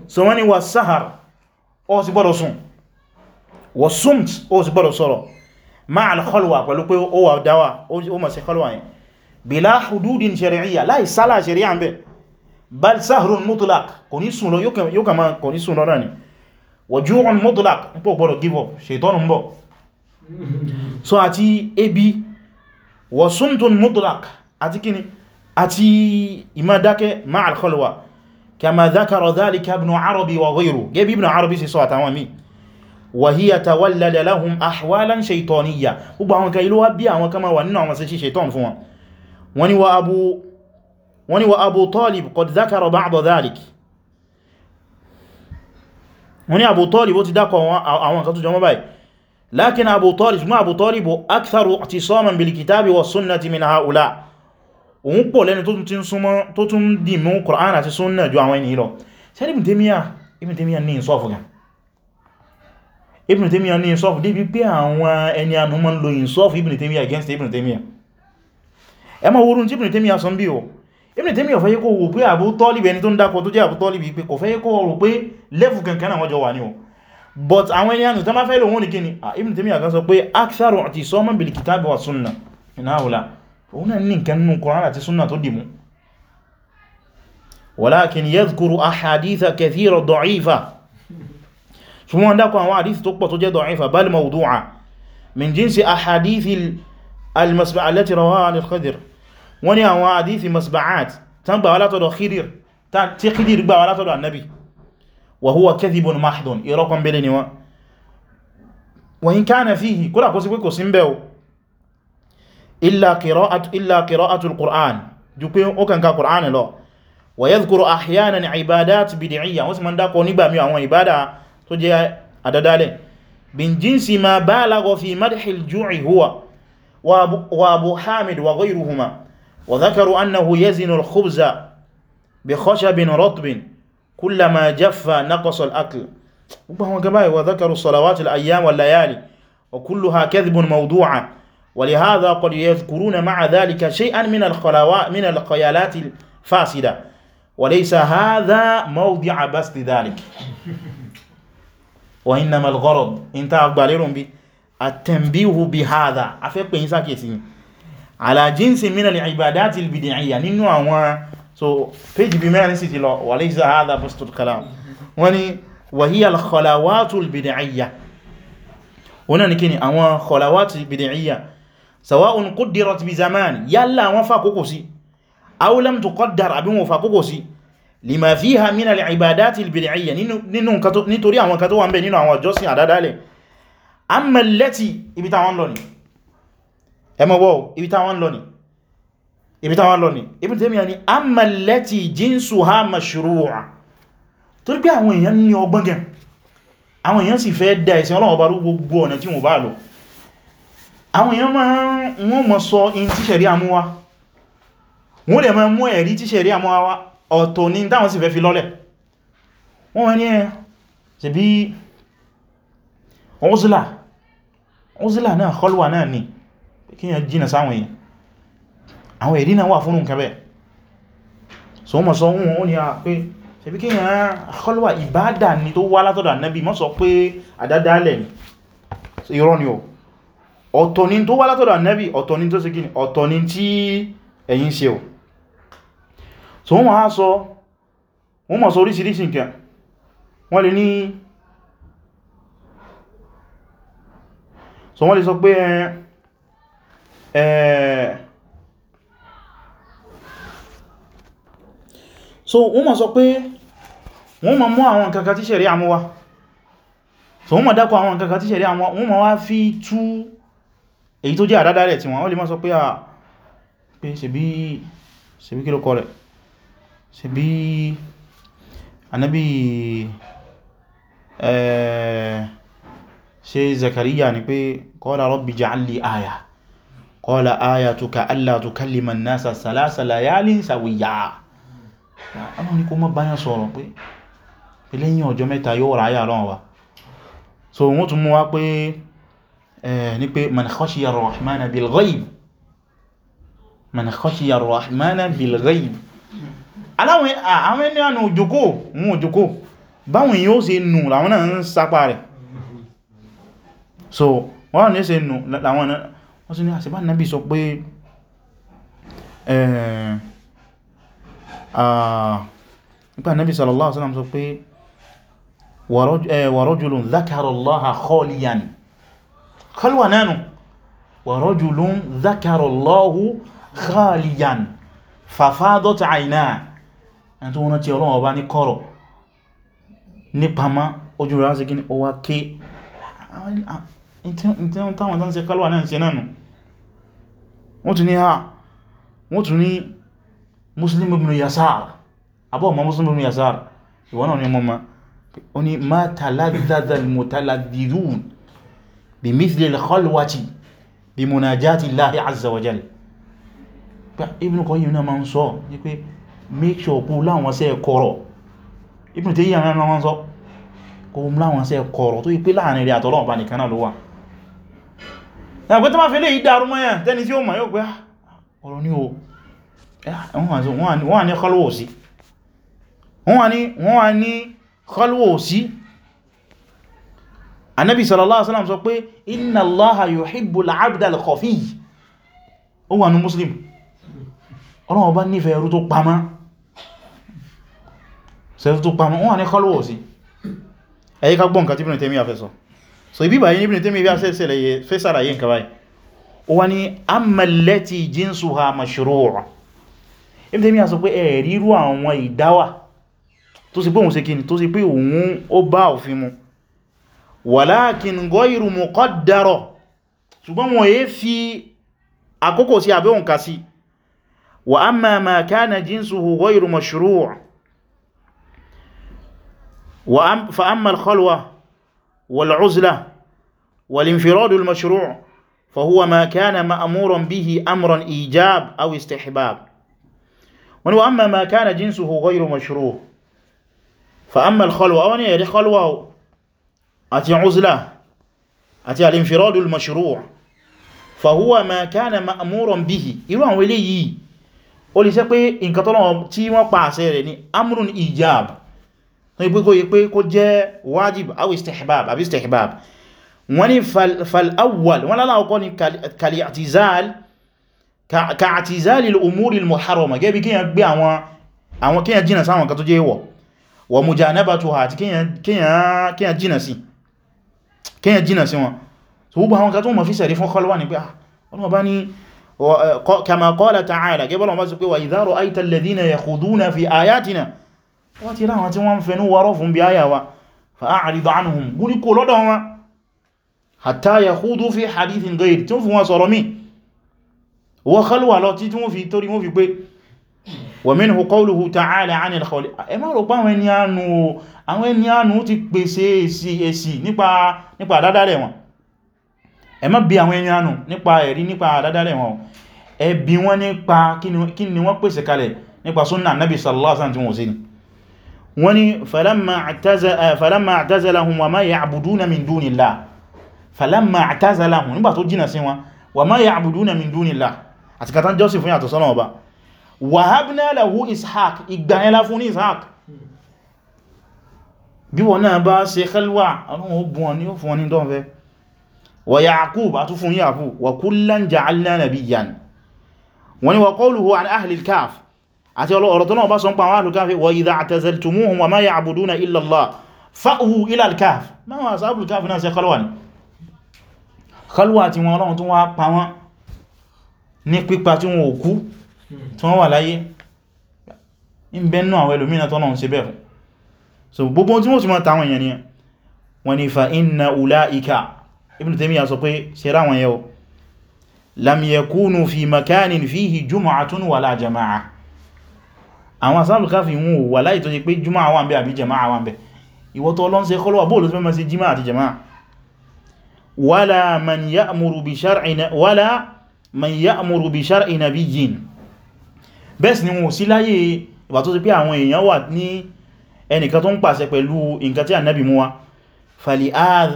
so wọ́n ni wà sáhàr ó sì bọ̀lọ̀ sùn wà súmt ó sì bọ̀lọ̀ sọ̀rọ̀ ma alkhalwa pẹ̀lú pé ó wà dáwà ó mọ̀ sí khalwa yìí eh. bila hududin shari'iyya láì sálà shari'a bẹ̀ bal sahrun mutlaq kò ní sùn lọ yóò kà máa kò ní sùn lọ mutlaq pọ̀ gbọ́dọ̀ give up ṣètọ́nù ń bọ̀ so àti ebi wa sumtun mutlaq ati kini àti ìmádákẹ́ ma'al khalwa kama dhakara dhalika ibn arabi wa ghayru gẹ́bí ibn arabi sì sọ àtàwọn míì wa hiya tawallada lahum ahwalan shaytaniyya gbogbo àwọn kan ilú wá bí àwọn kama wà nínú àwọn sí shaytan fún wọn wọ́n ni wa abu talib qad dhakara ba'da dhalik wọ́n ni abu talib ó ti dákọ̀ àwọn kan tó jọmọ́ báyìí lakin abu talib ṣùgbọ́n abu talib aktharu i'tisaman bil kitabi wa sunnati min ha'ula' òun pọ̀ lẹ́nu tó tún ti ń súnmọ́ tó tún dì mú Kùránì àti súnnà ju àwọn ènìyàn lọ ṣe ní Ibn Taymiyyah ní ìsọ́fù gan Ibn Taymiyyah ní ìsọ́fù débi pé àwọn ẹni anú mọ́ ń lo ìsọ́fù Ibn Taymiyyah against Ibn Taymiyyah ẹ ma worun tí Ibn Taymiyyah sọ bí o Ibn Taymiyyah fẹ́ kó wò pé Abu Talib ẹni tó ń dákọ tó jẹ́ Abu Talib pé kò fẹ́ kó rò pé lẹ́fù kankan àwọn jọ wà ní o but àwọn ẹni anú tó fẹ́ lò wọ́n ní kíni ah, Ibn Taymiyyah gan sọ pé aksaru àti sọ́mọ́ bil kitab wa sunnah ìnáhùlá òun náà ní nǹkan nínú Kùránì àti súnnà tó dìmú walakin yadhkuru ahaditha kathira da'ifa ṣùgbọ́n dákọ̀ àwọn hadith tó pọ̀ tó jẹ́ da'ifa bal mawdu'a min jinsi ahadith al-masba'a allati rawaha al-Khadir wọ́n ní àwọn hadith masba'at tán gbà wá látọ̀dọ̀ Khidir tí Khidir gbà wá látọ̀dọ̀ illa qira'atul qur'an ju pé ó kàn ka qur'an lọ wa yadhkuru ahyanan ibadat bid'iyya wọ́n sì máa ń dákọ nígbà mí àwọn ìbádà tó jẹ́ àdádálẹ̀ bin jinsi ma balagha fi madhil ju'i huwa wa abu hamid wa ghayruhuma wa dhakaru annahu yazinu al-khubza bi khashabin ratbin kullama jaffa naqasa al-akl gbogbo àwọn gaba wa dhakaru salawatil ayyam wal layali wa kulluha kadhibun mawdu'a ولهذا قد يذكرون مع ذلك شيئا من الخلواء من الخيالات الفاسدة وليس هذا موضع بس ذلك وإنما الغرض انت أقبالهم بي التنبيه بهذا أفق إنسا كيسين على جنس من العبادات البدعية نينو أموان so page بمعنى سيتي لو وليس هذا بس الكلام وني وهي الخلوات البدعية هنا نكيني أموان خلاوات البدعية sawa'un quddirat bi zaman yálà wọn fàkókò sí aw lam tuqaddar àbí wọn fàkókò sí lima fiha min al-ibadati al-bid'iyya nítorí àwọn kan tó wà ń bẹ nínú àwọn ìjọsìn àdádálẹ̀ amma allati ibi táwọn lọ ni ẹmọ̀wọ́ e ibi táwọn lọ ni ibi táwọn lọ ni Ibn Taymiyyah ni amma allati jinsuha mashru'a tó àwọn èèyàn ma wọ́n mọ̀ sọ in tí ṣẹ̀rí àmúwá wọ́n lè ma mú ẹ̀rí tí ṣẹ̀rí àmúwá ọ̀tọ̀ ní dáwọn sì fẹ́ fi lọ́lẹ̀ wọ́n wọ́n ní ẹ̀ ṣe bí ọ́zílà ọ́zílà náà kọlùwà náà ni kíyàn jìnà sáwọn èèyàn àwọn ẹ̀rí náà wà fún ọ̀tọ̀ni tó wá látọ̀dọ̀ ànábì ọ̀tọ̀ni tó sì ọ̀tọ̀ni tí ẹ̀yin ṣe o so wọ́n máa sọ wọ́n máa sọ oríṣiríṣi nǹkan wọ́n lè ní so wọ́n lè sọ pé ẹ so wọ́n máa sọ pé wọ́n máa mú àwọn kankan tí ṣẹ̀rí àmúwa so wọ́n máa dákọ̀ àwọn kankan tí ṣẹ̀rí àmúwa wọ́n máa wá fi tú èyí tó jẹ́ àdádálẹ̀ tí wọ́n lè máa sọ pé à pé ṣebí ṣebí kí ló kọ rẹ̀ ṣebí anábí ṣe zakariya ni pé qala rabbi ij'al li aya qala ayatuka alla tukallima an-nasa thalatha layalin sawiyya ọlọ́run ní kó mọ́ báyán sọ̀rọ̀ pé lẹ́yìn ọjọ́ mẹ́ta yóò ráyà lọ́wọ́ wa so wọ́n tún mú wá pé ní pé man khashiya rahmana bil ghaib man khashiya rahmana bil ghaib aláwọn ẹni ànà òjòkó wọn òjòkó báwọn yíó ṣe nù láwọn náà ń sápa rẹ̀ so wọ́n ní ṣe nù láwọn náà wọ́n sí ní àṣíbá náàbí sọ pé nípa náàbí sallallahu alaihi wasallam sọ pé wa rajulun dhakara Allaha khaliyan kọlùwà nánu wa rajulun dhakara Allahu khaliyan fafadat àìnáà ẹni tó wọ́n ti ọlọ́wọ́ bá ní kọ́rọ̀ ní pàmá ojú rẹ̀ ṣe gíní ọwá ké ìtẹ́wọ́n táwọn tán ṣe kálùwà náà ṣe náà wọ́n tún ní ha wọ́n tún ní muslim bí mithlil khalwati bí munajati Allahi azza wa jal Ibn Qayyim náà ma ń sọ ní pé make sure kó láwọn sẹ́ kọ̀rọ̀ Ibn Taymiyyah náà ma ń sọ kó láwọn sẹ́ kọ̀rọ̀ tó ipé láàrin rẹ̀ àtọ́lọ́ ọ̀bá nìkan náà ló wà ẹgbẹ́ tó má fi lè ìdàrú mọ́yàn tẹ́ni ah, wọ́n wà ní kọlwọ̀ sí anábi sallallahu alaihi wasallam sọ pé inna allaha yuhibbul abdal khafi ó wà ní muslim ọlọ́wọ́ bá nífẹ̀ẹ́ ẹrú tó pamá sẹ́rú tó pamá wọ́n ní kọlọ̀wọ̀ sí ẹ̀yí ká gbọ́n kàtí Ibn Taymiyyah fẹ́ sọ so ibi báyìí Ibn Taymiyyah fẹ́ sàràyé nǹkan báyìí ó wá ní amma allati jinsuha mashru'a ولكن غير مقدر سبحان وهي في اكوكو سي ابي كاسي واما ما كان جنسه غير مشروع وام فاما الخلوه والعزله والانفراد المشروع فهو ما كان مامورا به امرا ايجاب او استحباب وأما ما كان جنسه غير مشروع فاما الخلوه او ني يعني خلوه àti uzla àti al-infiradul mashru' fahuwa ma kana ma'muran bihi irú àwọn eléyìí ó lè ṣe pé nǹkan t'Ọlọ́run tí wọ́n pa àṣẹ rẹ̀ ní amrun ijab tó yí pé kó yí pé kó jẹ́ wajib aw istihbab àbí istihbab wọ́n ni fal'awwal wọ́n lálàá ọkọ́ ni ka'atizali al'umuri al-muharrama gẹ́bí kíyàn gbé àwọn kíyàn jìnà sáwọn kan tó jẹ́ wọ̀ wa mujanabatuha àti kíyàn jìnà sí kíyàn jìnà sí wọn so gbogbo àwọn kan tó mọ̀ fi sẹ̀rí fún kọlọ́wà ah, ní pé ọlọ́wọ́ bá ní kama qala ta'ala gẹ́bọ́lọ̀ bá sọ pé wa idha ra'ayta alladhina yakhuduna fi ayatina wọ́n ti ráwọn tí wọ́n ń fẹ́nú wọ́rọ̀ fún bí áyàwá fa'a'rid anhum gúrí kò lọ́dọ̀ wọn hatta wa minhu qawluhu ta'ala 'ani al-khawli ẹ má rò pé àwọn ẹni àánú àwọn ẹni àánú ti pèsè èsì èsì nípa nípa àdádálẹ̀ wọn ẹ má bi àwọn ẹni àánú nípa ẹ̀rí nípa àdádálẹ̀ wọn ẹ bi wọ́n nípa kí ni wọ́n pèsè kalẹ̀ nípa súnnà nabi sallallahu alaihi wasallam tí wọ́n sí ni wọ́n ni falamma a'tazalahum eh, wa ma ya'buduna min dunillah falamma a'tazalahum nígbà tó jìnà sí wọn wàhábínà lahu ishaq ìgbàyẹnlá fún ishaq bí wọ́n náà bá ṣe khalwa àwọn ogun ni ó fún ní dọ́nfẹ́ wà yaqub a tún fún yàkú wà kullan ja'alna nabiyyan wọ́n ni wà qawluhu ila al ma wà sáàbù al-kahf náà khalwa ni khalwa ti wọn ọlọ́run tó wá pa wọn ní pípa tí wọn ò tí wọ́n wà láyé ń bẹ́nú àwọn ẹlòmínà tọ́nà ń ṣe bẹ́ẹ̀ fún so gbogbo tí wọ́n ti mọ́ táwọn èèyàn ni wọ́n ni fa inna ulaika Ibn Taymiyyah sọ pé ṣẹ́rá wọn yẹ́ o lam yakunu fi makanin fihi jumu'atun wala jama'a àwọn asáàlù káfí wọn wà láì tó ṣe pé jùmọ́ wà ń àbí jama'a wà ń bẹ lọ́n ṣe kọlọ́wà bóòlù tó mẹ́mẹ́ wala man ya'muru bi shar'i nabiyyin bẹ́ẹ̀ ni wọn ò sí láyé ìgbà tó ti pé àwọn èèyàn wà ní ẹnìkan tó ń pàṣẹ pẹ̀lú nǹkan tí ànábì mú wa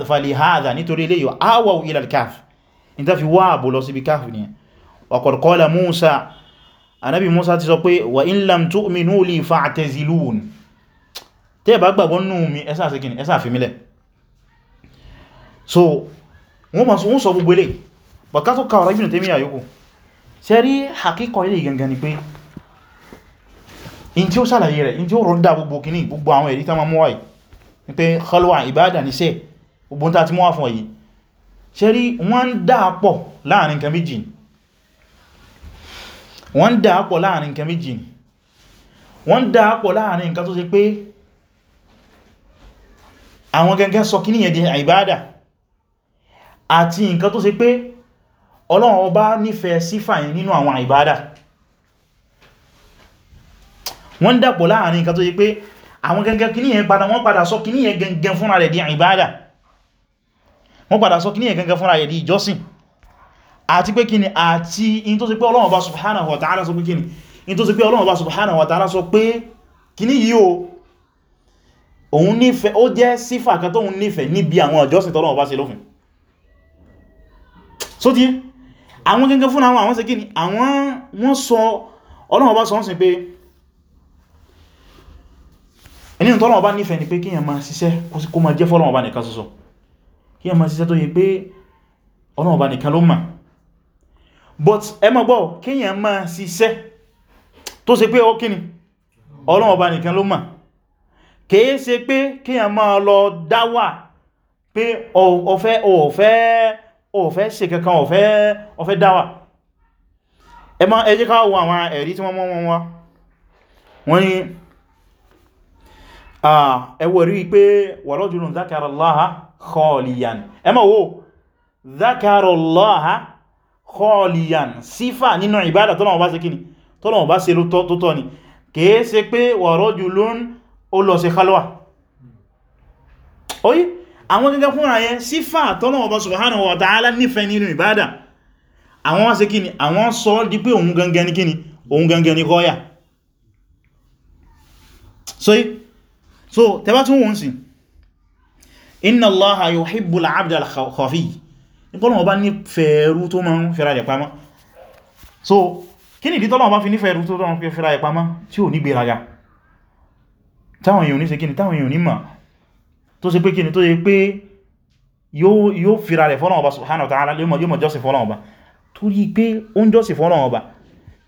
falihada nítorí ilé yóò áwà ila al-kahf wa qad qala Musa ànábì Musa ti sọ pé mi ẹsà sí kìnnì ẹsà so wọ́n ma sọ gbogbo ilé bàkátọ́ kàwàrá Ibn Taymiyyah yòókù sẹ́rí hakíkọ̀ ilé gangan ni pé in tí ó sàlàyé rẹ̀ in tí ó rọ̀dá gbogbo kìíní gbogbo àwọn èrí tán ma mú wáyìí ní pé khalwa ìbádà ní sẹ́ gbogbo ta ti mú wá fún ọ̀yí ṣe rí wọ́n dáapọ̀ láàrin nǹkan méjì wọ́n dáapọ̀ láàrin nǹkan méjì wọ́n dáapọ̀ láàrin nǹkan tó ṣe pé àwọn gangan sọ kìíní yẹn di àti nǹkan tó ṣe pé Ọlọ́run ọba nífẹ̀ẹ́ sífà nínú àwọn ìbádà wọ́n dàpọ̀ láàrin nǹkan tó yí pé àwọn gẹ́gẹ́ kìní yẹn padà wọ́n padà sọ kìní yẹn gẹ́gẹ́ fúnra rẹ̀ di ìbádà wọ́n padà sọ kìní yẹn gẹ́gẹ́ fúnra rẹ̀ di ìjọsìn àti pé kìní àti in tó sì pé Ọlọ́run Ọba subhanahu wa ta'ala sọ pé kìní in tó sì pé Ọlọ́run Ọba subhanahu wa ta'ala sọ pé kìní yìí o òun nífẹ́ ó jẹ́ sífà kan tó ń nífẹ́ níbi àwọn ìjọsìn tọ́lọ́run Ọba ṣe lófin so ti àwọn gẹ́gẹ́ fúnra wọn àwọn ṣe kìní àwọn wọ́n sọ Ọlọ́run Ọba sọ ń sin pé ẹni tọ́lọ̀ ọba nífẹ̀ẹ́ ni pé kíyàn máa ṣiṣẹ́ kó máa jẹ́ fọ́lọ̀ ọba nìkan ṣoṣo kíyàn máa ṣiṣẹ́ tó yẹ pé ọlọ́run ọba nìkan ló mà but ẹ máa gbọ́ kíyàn máa ṣiṣẹ́ tó ṣe pé ó kíni ọlọ́run ọba nìkan ló mà kìí ṣe pé kíyàn máa lọ dáwà pé ọ̀fẹ́ ọ̀fẹ́ ọ̀fẹ́ ṣe kankan ọ̀fẹ́ ọ̀fẹ́ dáwà ẹ jẹ́ ká wo àwọn ẹ̀rí tí wọ́n mọ́ wọn wá wọ́n ni ẹwọ̀ rí pé warajulun dhakara Allaha khaliyan ẹmọ̀ wo dhakara Allaha khaliyan sífà nínú ìbádà tọ́lọ̀wọ̀ bá ṣe kíni tọ́lọ̀wọ̀ bá ṣe tó tọ́ ni kìí ṣe pé warajulun ó lọ sí khalwa oyi àwọn gẹ́gẹ́ fúnra yẹn sífà tọ́lọ̀wọ̀ bá subhanahu wa ta'ala nífẹ̀ẹ́ nínú ìbádà àwọn wá ṣe kíni àwọn so tẹba tún wọ́n sí inna allaha yuhibbu al-abda al-khafi nípọ́lọ̀ ọba ní fẹ̀ẹ̀rú tó máa ń fẹ́ra rẹ̀ pamọ́ so kí ni ìdítọ́lọ̀ ọba fi ní fẹ̀ẹ̀rú tó máa ń fẹ́ra rẹ̀ pamọ́ tí ò ní gbéraga táwọn èèyàn ní ṣe kíni táwọn èèyàn ní mà tó ṣe pé kíni tó ṣe pé yóò fira rẹ̀ fọ́nà ọba subhanahu wa ta'ala yóò mọ̀ jọ́sìn fọ́nà ọba torí pé ó ń jọ́sìn fọ́nà ọba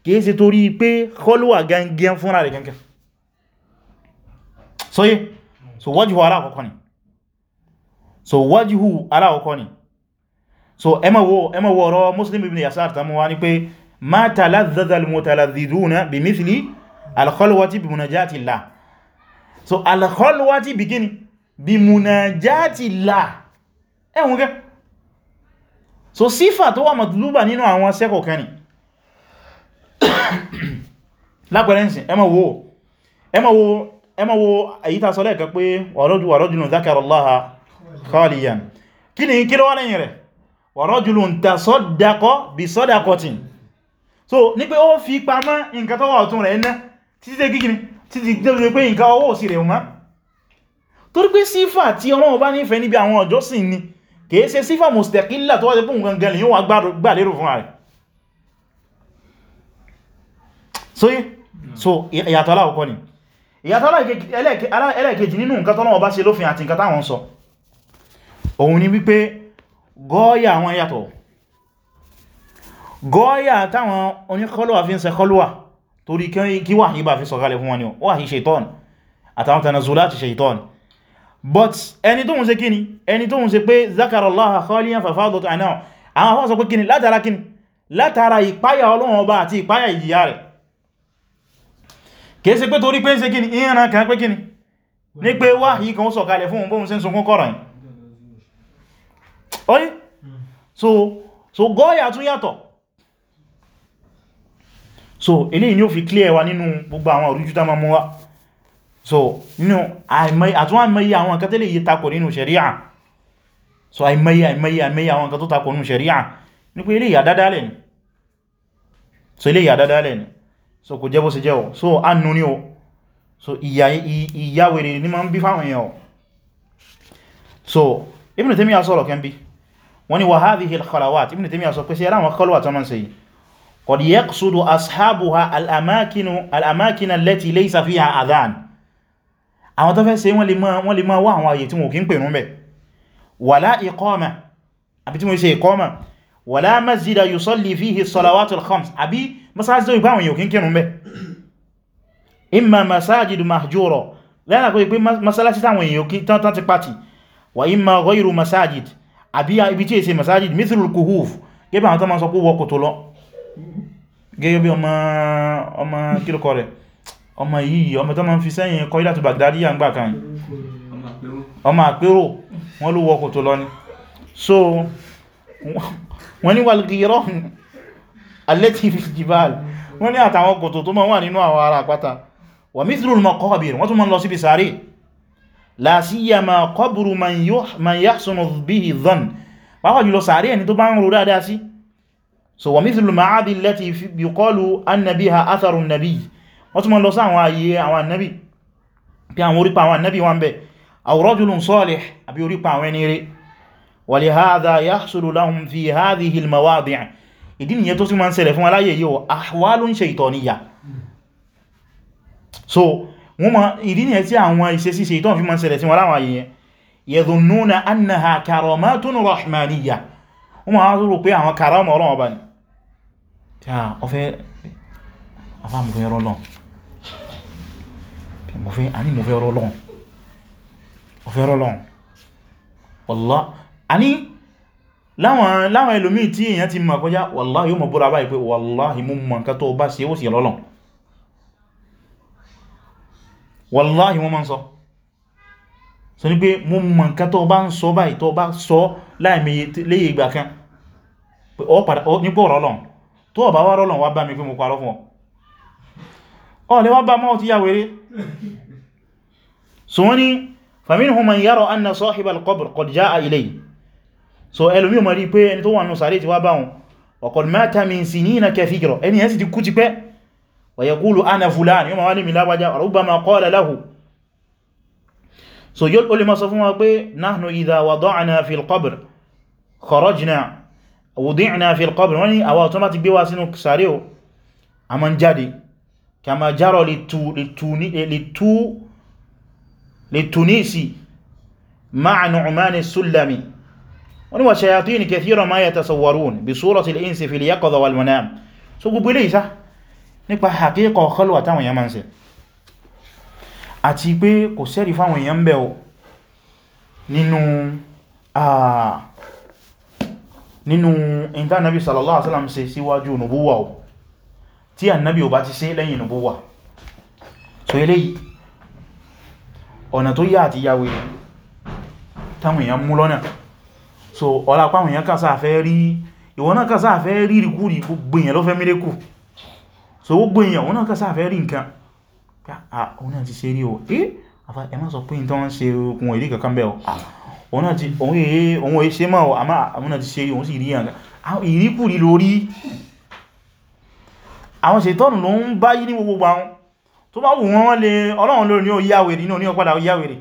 kìí ṣe torí pé kọlùwà gangan fúnra rẹ̀ gangan so yí so wajhu alákọ̀ọ́kọ́ ni so wajhu alákọ̀ọ́kọ́ ni so ẹmọ̀wọ̀ ẹmọ̀wọ̀ ọ̀rọ̀ muslim ibn yasar ta mọ́ wá ní pé ma taladhadha almutaladhiduna bi mithli alkhalwati bi munajati llah so alkhalwati bi gini bi munajati llah ẹ̀hùn gẹ́ so sífà tó wà matluba nínú àwọn sẹ́kọ̀ọ́ kan ni lápẹrẹnsìn ẹmọ̀wọ̀ ẹmọ̀wọ̀ ẹmọ wo àyíta sọ lẹ́ẹ̀kẹ́ pé wa rajulun dhakara Allaha khaliyan kí ni kí ló wá lẹ́yìn rẹ̀ wa rajulun tasaddaqa bi sadaqatin so ní pé ó fi pamọ́ nǹkan tọ́wọ́ ọ̀tún rẹ̀ ná títí dé kíkiri títí dé pé nǹkan ọwọ́ òsì rẹ̀ mọ́ torí pé sífà tí Ọlọ́run bá nífẹ̀ẹ́ níbi àwọn ọjọ́sìn ni kìí ṣe sífà mustaqilla tó wájẹ́ fún gangan lè yíò wà gbà lérò fún ààrẹ so yàtọ̀ aláwọ̀kọ́ ni ìyàtọ̀ ẹlẹ́ẹ̀kejì nínú nǹkan tọ́lọ́wọ́ bá ṣe lófin àti nǹkan táwọn sọ òun ni wípé gọ́ọ̀yà àwọn yàtọ̀ gọ́ọ̀yà táwọn oníkọlùwà fi ń ṣe kọlùwà torí kí wà ní bá fi sọ̀kalẹ̀ fún wọn ni wà ní ṣeitọ́n àtàwọn but ẹni tó ń ṣe kíni ẹni tó ń ṣe pé zakarallaha khaliyan fafadotu àìnáà àwọn afọ́n sọ pé kíni látara kíni látara ìpáyà ọlọ́run ọba àti ìpáyà ìjìyà kìí ṣe pé torí pé ń ṣe kíni ìyànà kan pé kíni ní pé wá yìí kan sọ̀kalẹ̀ fún bóhun sí ń sunkún kọ́rọ̀ yìí oye hmm. so so gọ́ọ̀yà tún yàtọ̀ so eléyìí ni ó fi clear wa nínú gbogbo àwọn òrújú tá máa mú wá so nínú àtún àìmọye àwọn nǹkan tẹ́lẹ̀ yìí takò nínú ṣẹ̀ríà so àìmọye àìmọye àìmọye àwọn nǹkan tó takò nínú ṣẹ̀ríà ní pé eléyìí àdádálẹ̀ ni so eléyìí àdádálẹ̀ ni so kò jẹ́ bó ṣe jẹ́ o so annu ni o so ìyà wèrè ní ma ń bí fáwọn èèyàn o so Ibn Taymiyyah sọ̀rọ̀ kẹ́ ń bí wọ́n ni wa hadhihi al-khalawat Ibn Taymiyyah sọ pé sí ẹ̀rá àwọn khalawat ọmọ sí qad yaqsudu ashabuha al-amakin allati laysa fiha adhan àwọn tó fẹ́ ṣe wọ́n lè máa wá àwọn àyè tí wọ́n kí wala iqama yusalli fihi salawatul khams àbí masáàjì tó ìpá àwọn èèyàn kí ń kírun bẹ́ imma masajidu mahjura lẹ́nà kó ipé masáàjì táwọn èèyàn tán ti pàtì wa imma ghayru masajid àbí ibi tí è ṣe masajid mithlul kuhuf gẹ́bẹ̀ àwọn tó ma sọ pé wọ́kò tó lọ gẹ́gẹ́ bí ọmọ kílùkọ rẹ̀ wọ́n ló wọ́kò tó lọ ni so wọ́n ni wal-Ghirah alẹ́tí fi jìbáàl wọ́n ní àtàwọn kòtò tó máa wà nínú àwọn ara àpáta wà mithrul maqabir wọ́n tún máa lọ síbi sàárè la siyama qabru man yahsunu bihi dhann pàápàá jùlọ sàárè ẹni tó bá ń rò dáadáa sí so wà mithrul ma'adi allati yuqalu anna biha atharu nabi wọ́n tún máa lọ sí àwọn ayé àwọn nabi bí àwọn orípa àwọn nabi wọn bẹ̀ aw rajulun salih àbí orípa àwọn ẹni rẹ̀ wa li hadha yahsulu lahum fi hadhihi al mawadi' ìdí nìyẹn tó sì máa ń ṣẹlẹ̀ fún aláyè yíò ahwalun shaytaniyya so wọ́n ma ìdí nìyẹn tí àwọn ìṣesí shaytan fi máa ń ṣẹlẹ̀ sí wọn láwọn ayẹyẹ yadhunnuna annaha karamatun rahmaniyya wọ́n ma rò pé àwọn karama Ọlọ́run Ọba ni tí a láwọn ẹlòmí tí èyàn ti mọ̀ kọjá wallahi yóò mọ̀ búra báyìí pé wallahi mú mọ̀ nǹkan tó bá ṣe ó sì lọ́lọ́n wallahi wọ́n mọ́ ń sọ so ní pé mú mọ̀ nǹkan tó bá ń sọ báyìí tó bá sọ láìmẹ́yẹ ìgbà kan nípò rọ́lọ́n tó ọ̀bá wá rọ́lọ́n wá bá mi pé mo parọ́ fún ọ ọ̀lẹ́ wá bá mọ́ ti yà so ẹlòmí ọmọ rí pé ẹni tó wà nù sàárè ti wá bá wọn ọ̀kọ̀lù mẹ́ta mi sí ní ìnà kẹfìkìrọ̀ ẹni yẹn sì ti kú ti pẹ́ wàyẹ̀kúlù ana fulani ma wá ní milábájá ọ̀rọ̀gbà ma qala lahu so yóò lè ma sọ fún wa pé nahnu idha wada'na fil qabr kharajna wudi'na fil qabr wọ́n ni àwa ọ̀tọ́ láti gbé wa sínú sàárè o a ma ń wọ́n ni wà shayatin kathiran ma yatasawwarun bí surati al-insi fil yaqadha wal manam so gbogbo ilé ìsá nípa haqiqa khalwa táwọn èèyàn máa ń ṣe àti pé kò sẹ́rì fáwọn èèyàn bẹ̀ o nínú nínú ìntá nabi sallallahu alaihi wasallam ṣe síwájú nubuwa o so ọlá páwọn èèyàn kàn sáàfẹ́ rí ìwọ náà kàn sáàfẹ́ rí ríkú rí gbogbo èèyàn ló fẹ́ mírẹ́kù so gbogbo èèyàn wọn náà kàn sáàfẹ́ rí nǹkan òun náà ti ṣe rí o eh àfà ẹ má sọ pé ìtọ́ ń ṣe okun èrí kankan bẹ́ẹ̀ o òun náà ti òun èé òun èé ṣe mọ́ o àmá àwọn náà ti ṣe òun sì rí yàn ìríkù rí lórí àwọn ṣètọ́nù ló ń bá yí ní gbogbo àwọn tó bá wù wọ́n lè ọlọ́run lórí ní ó yáwèrè ní ó ní ọ̀padà yáwèrè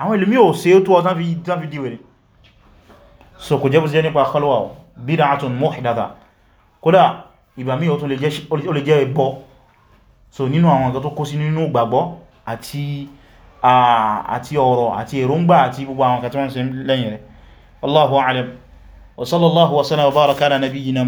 àwọn ìlú mí ò ṣe é tó ọ̀tán so kò jẹ́ bó jẹ́ nípa khalwa o bid'atun muhdatha kódà ìbàmí ó tún lè jẹ́ ẹbọ so nínú àwọn nǹkan tó kó sí nínú ìgbàgbọ́ àti àti ọ̀rọ̀ àti èròǹgbà àti gbogbo àwọn nǹkan tí wọ́n ṣe lẹ́yìn rẹ̀ Allahu a'lam wa sallallahu wa sallam wa baraka ala nabiyyina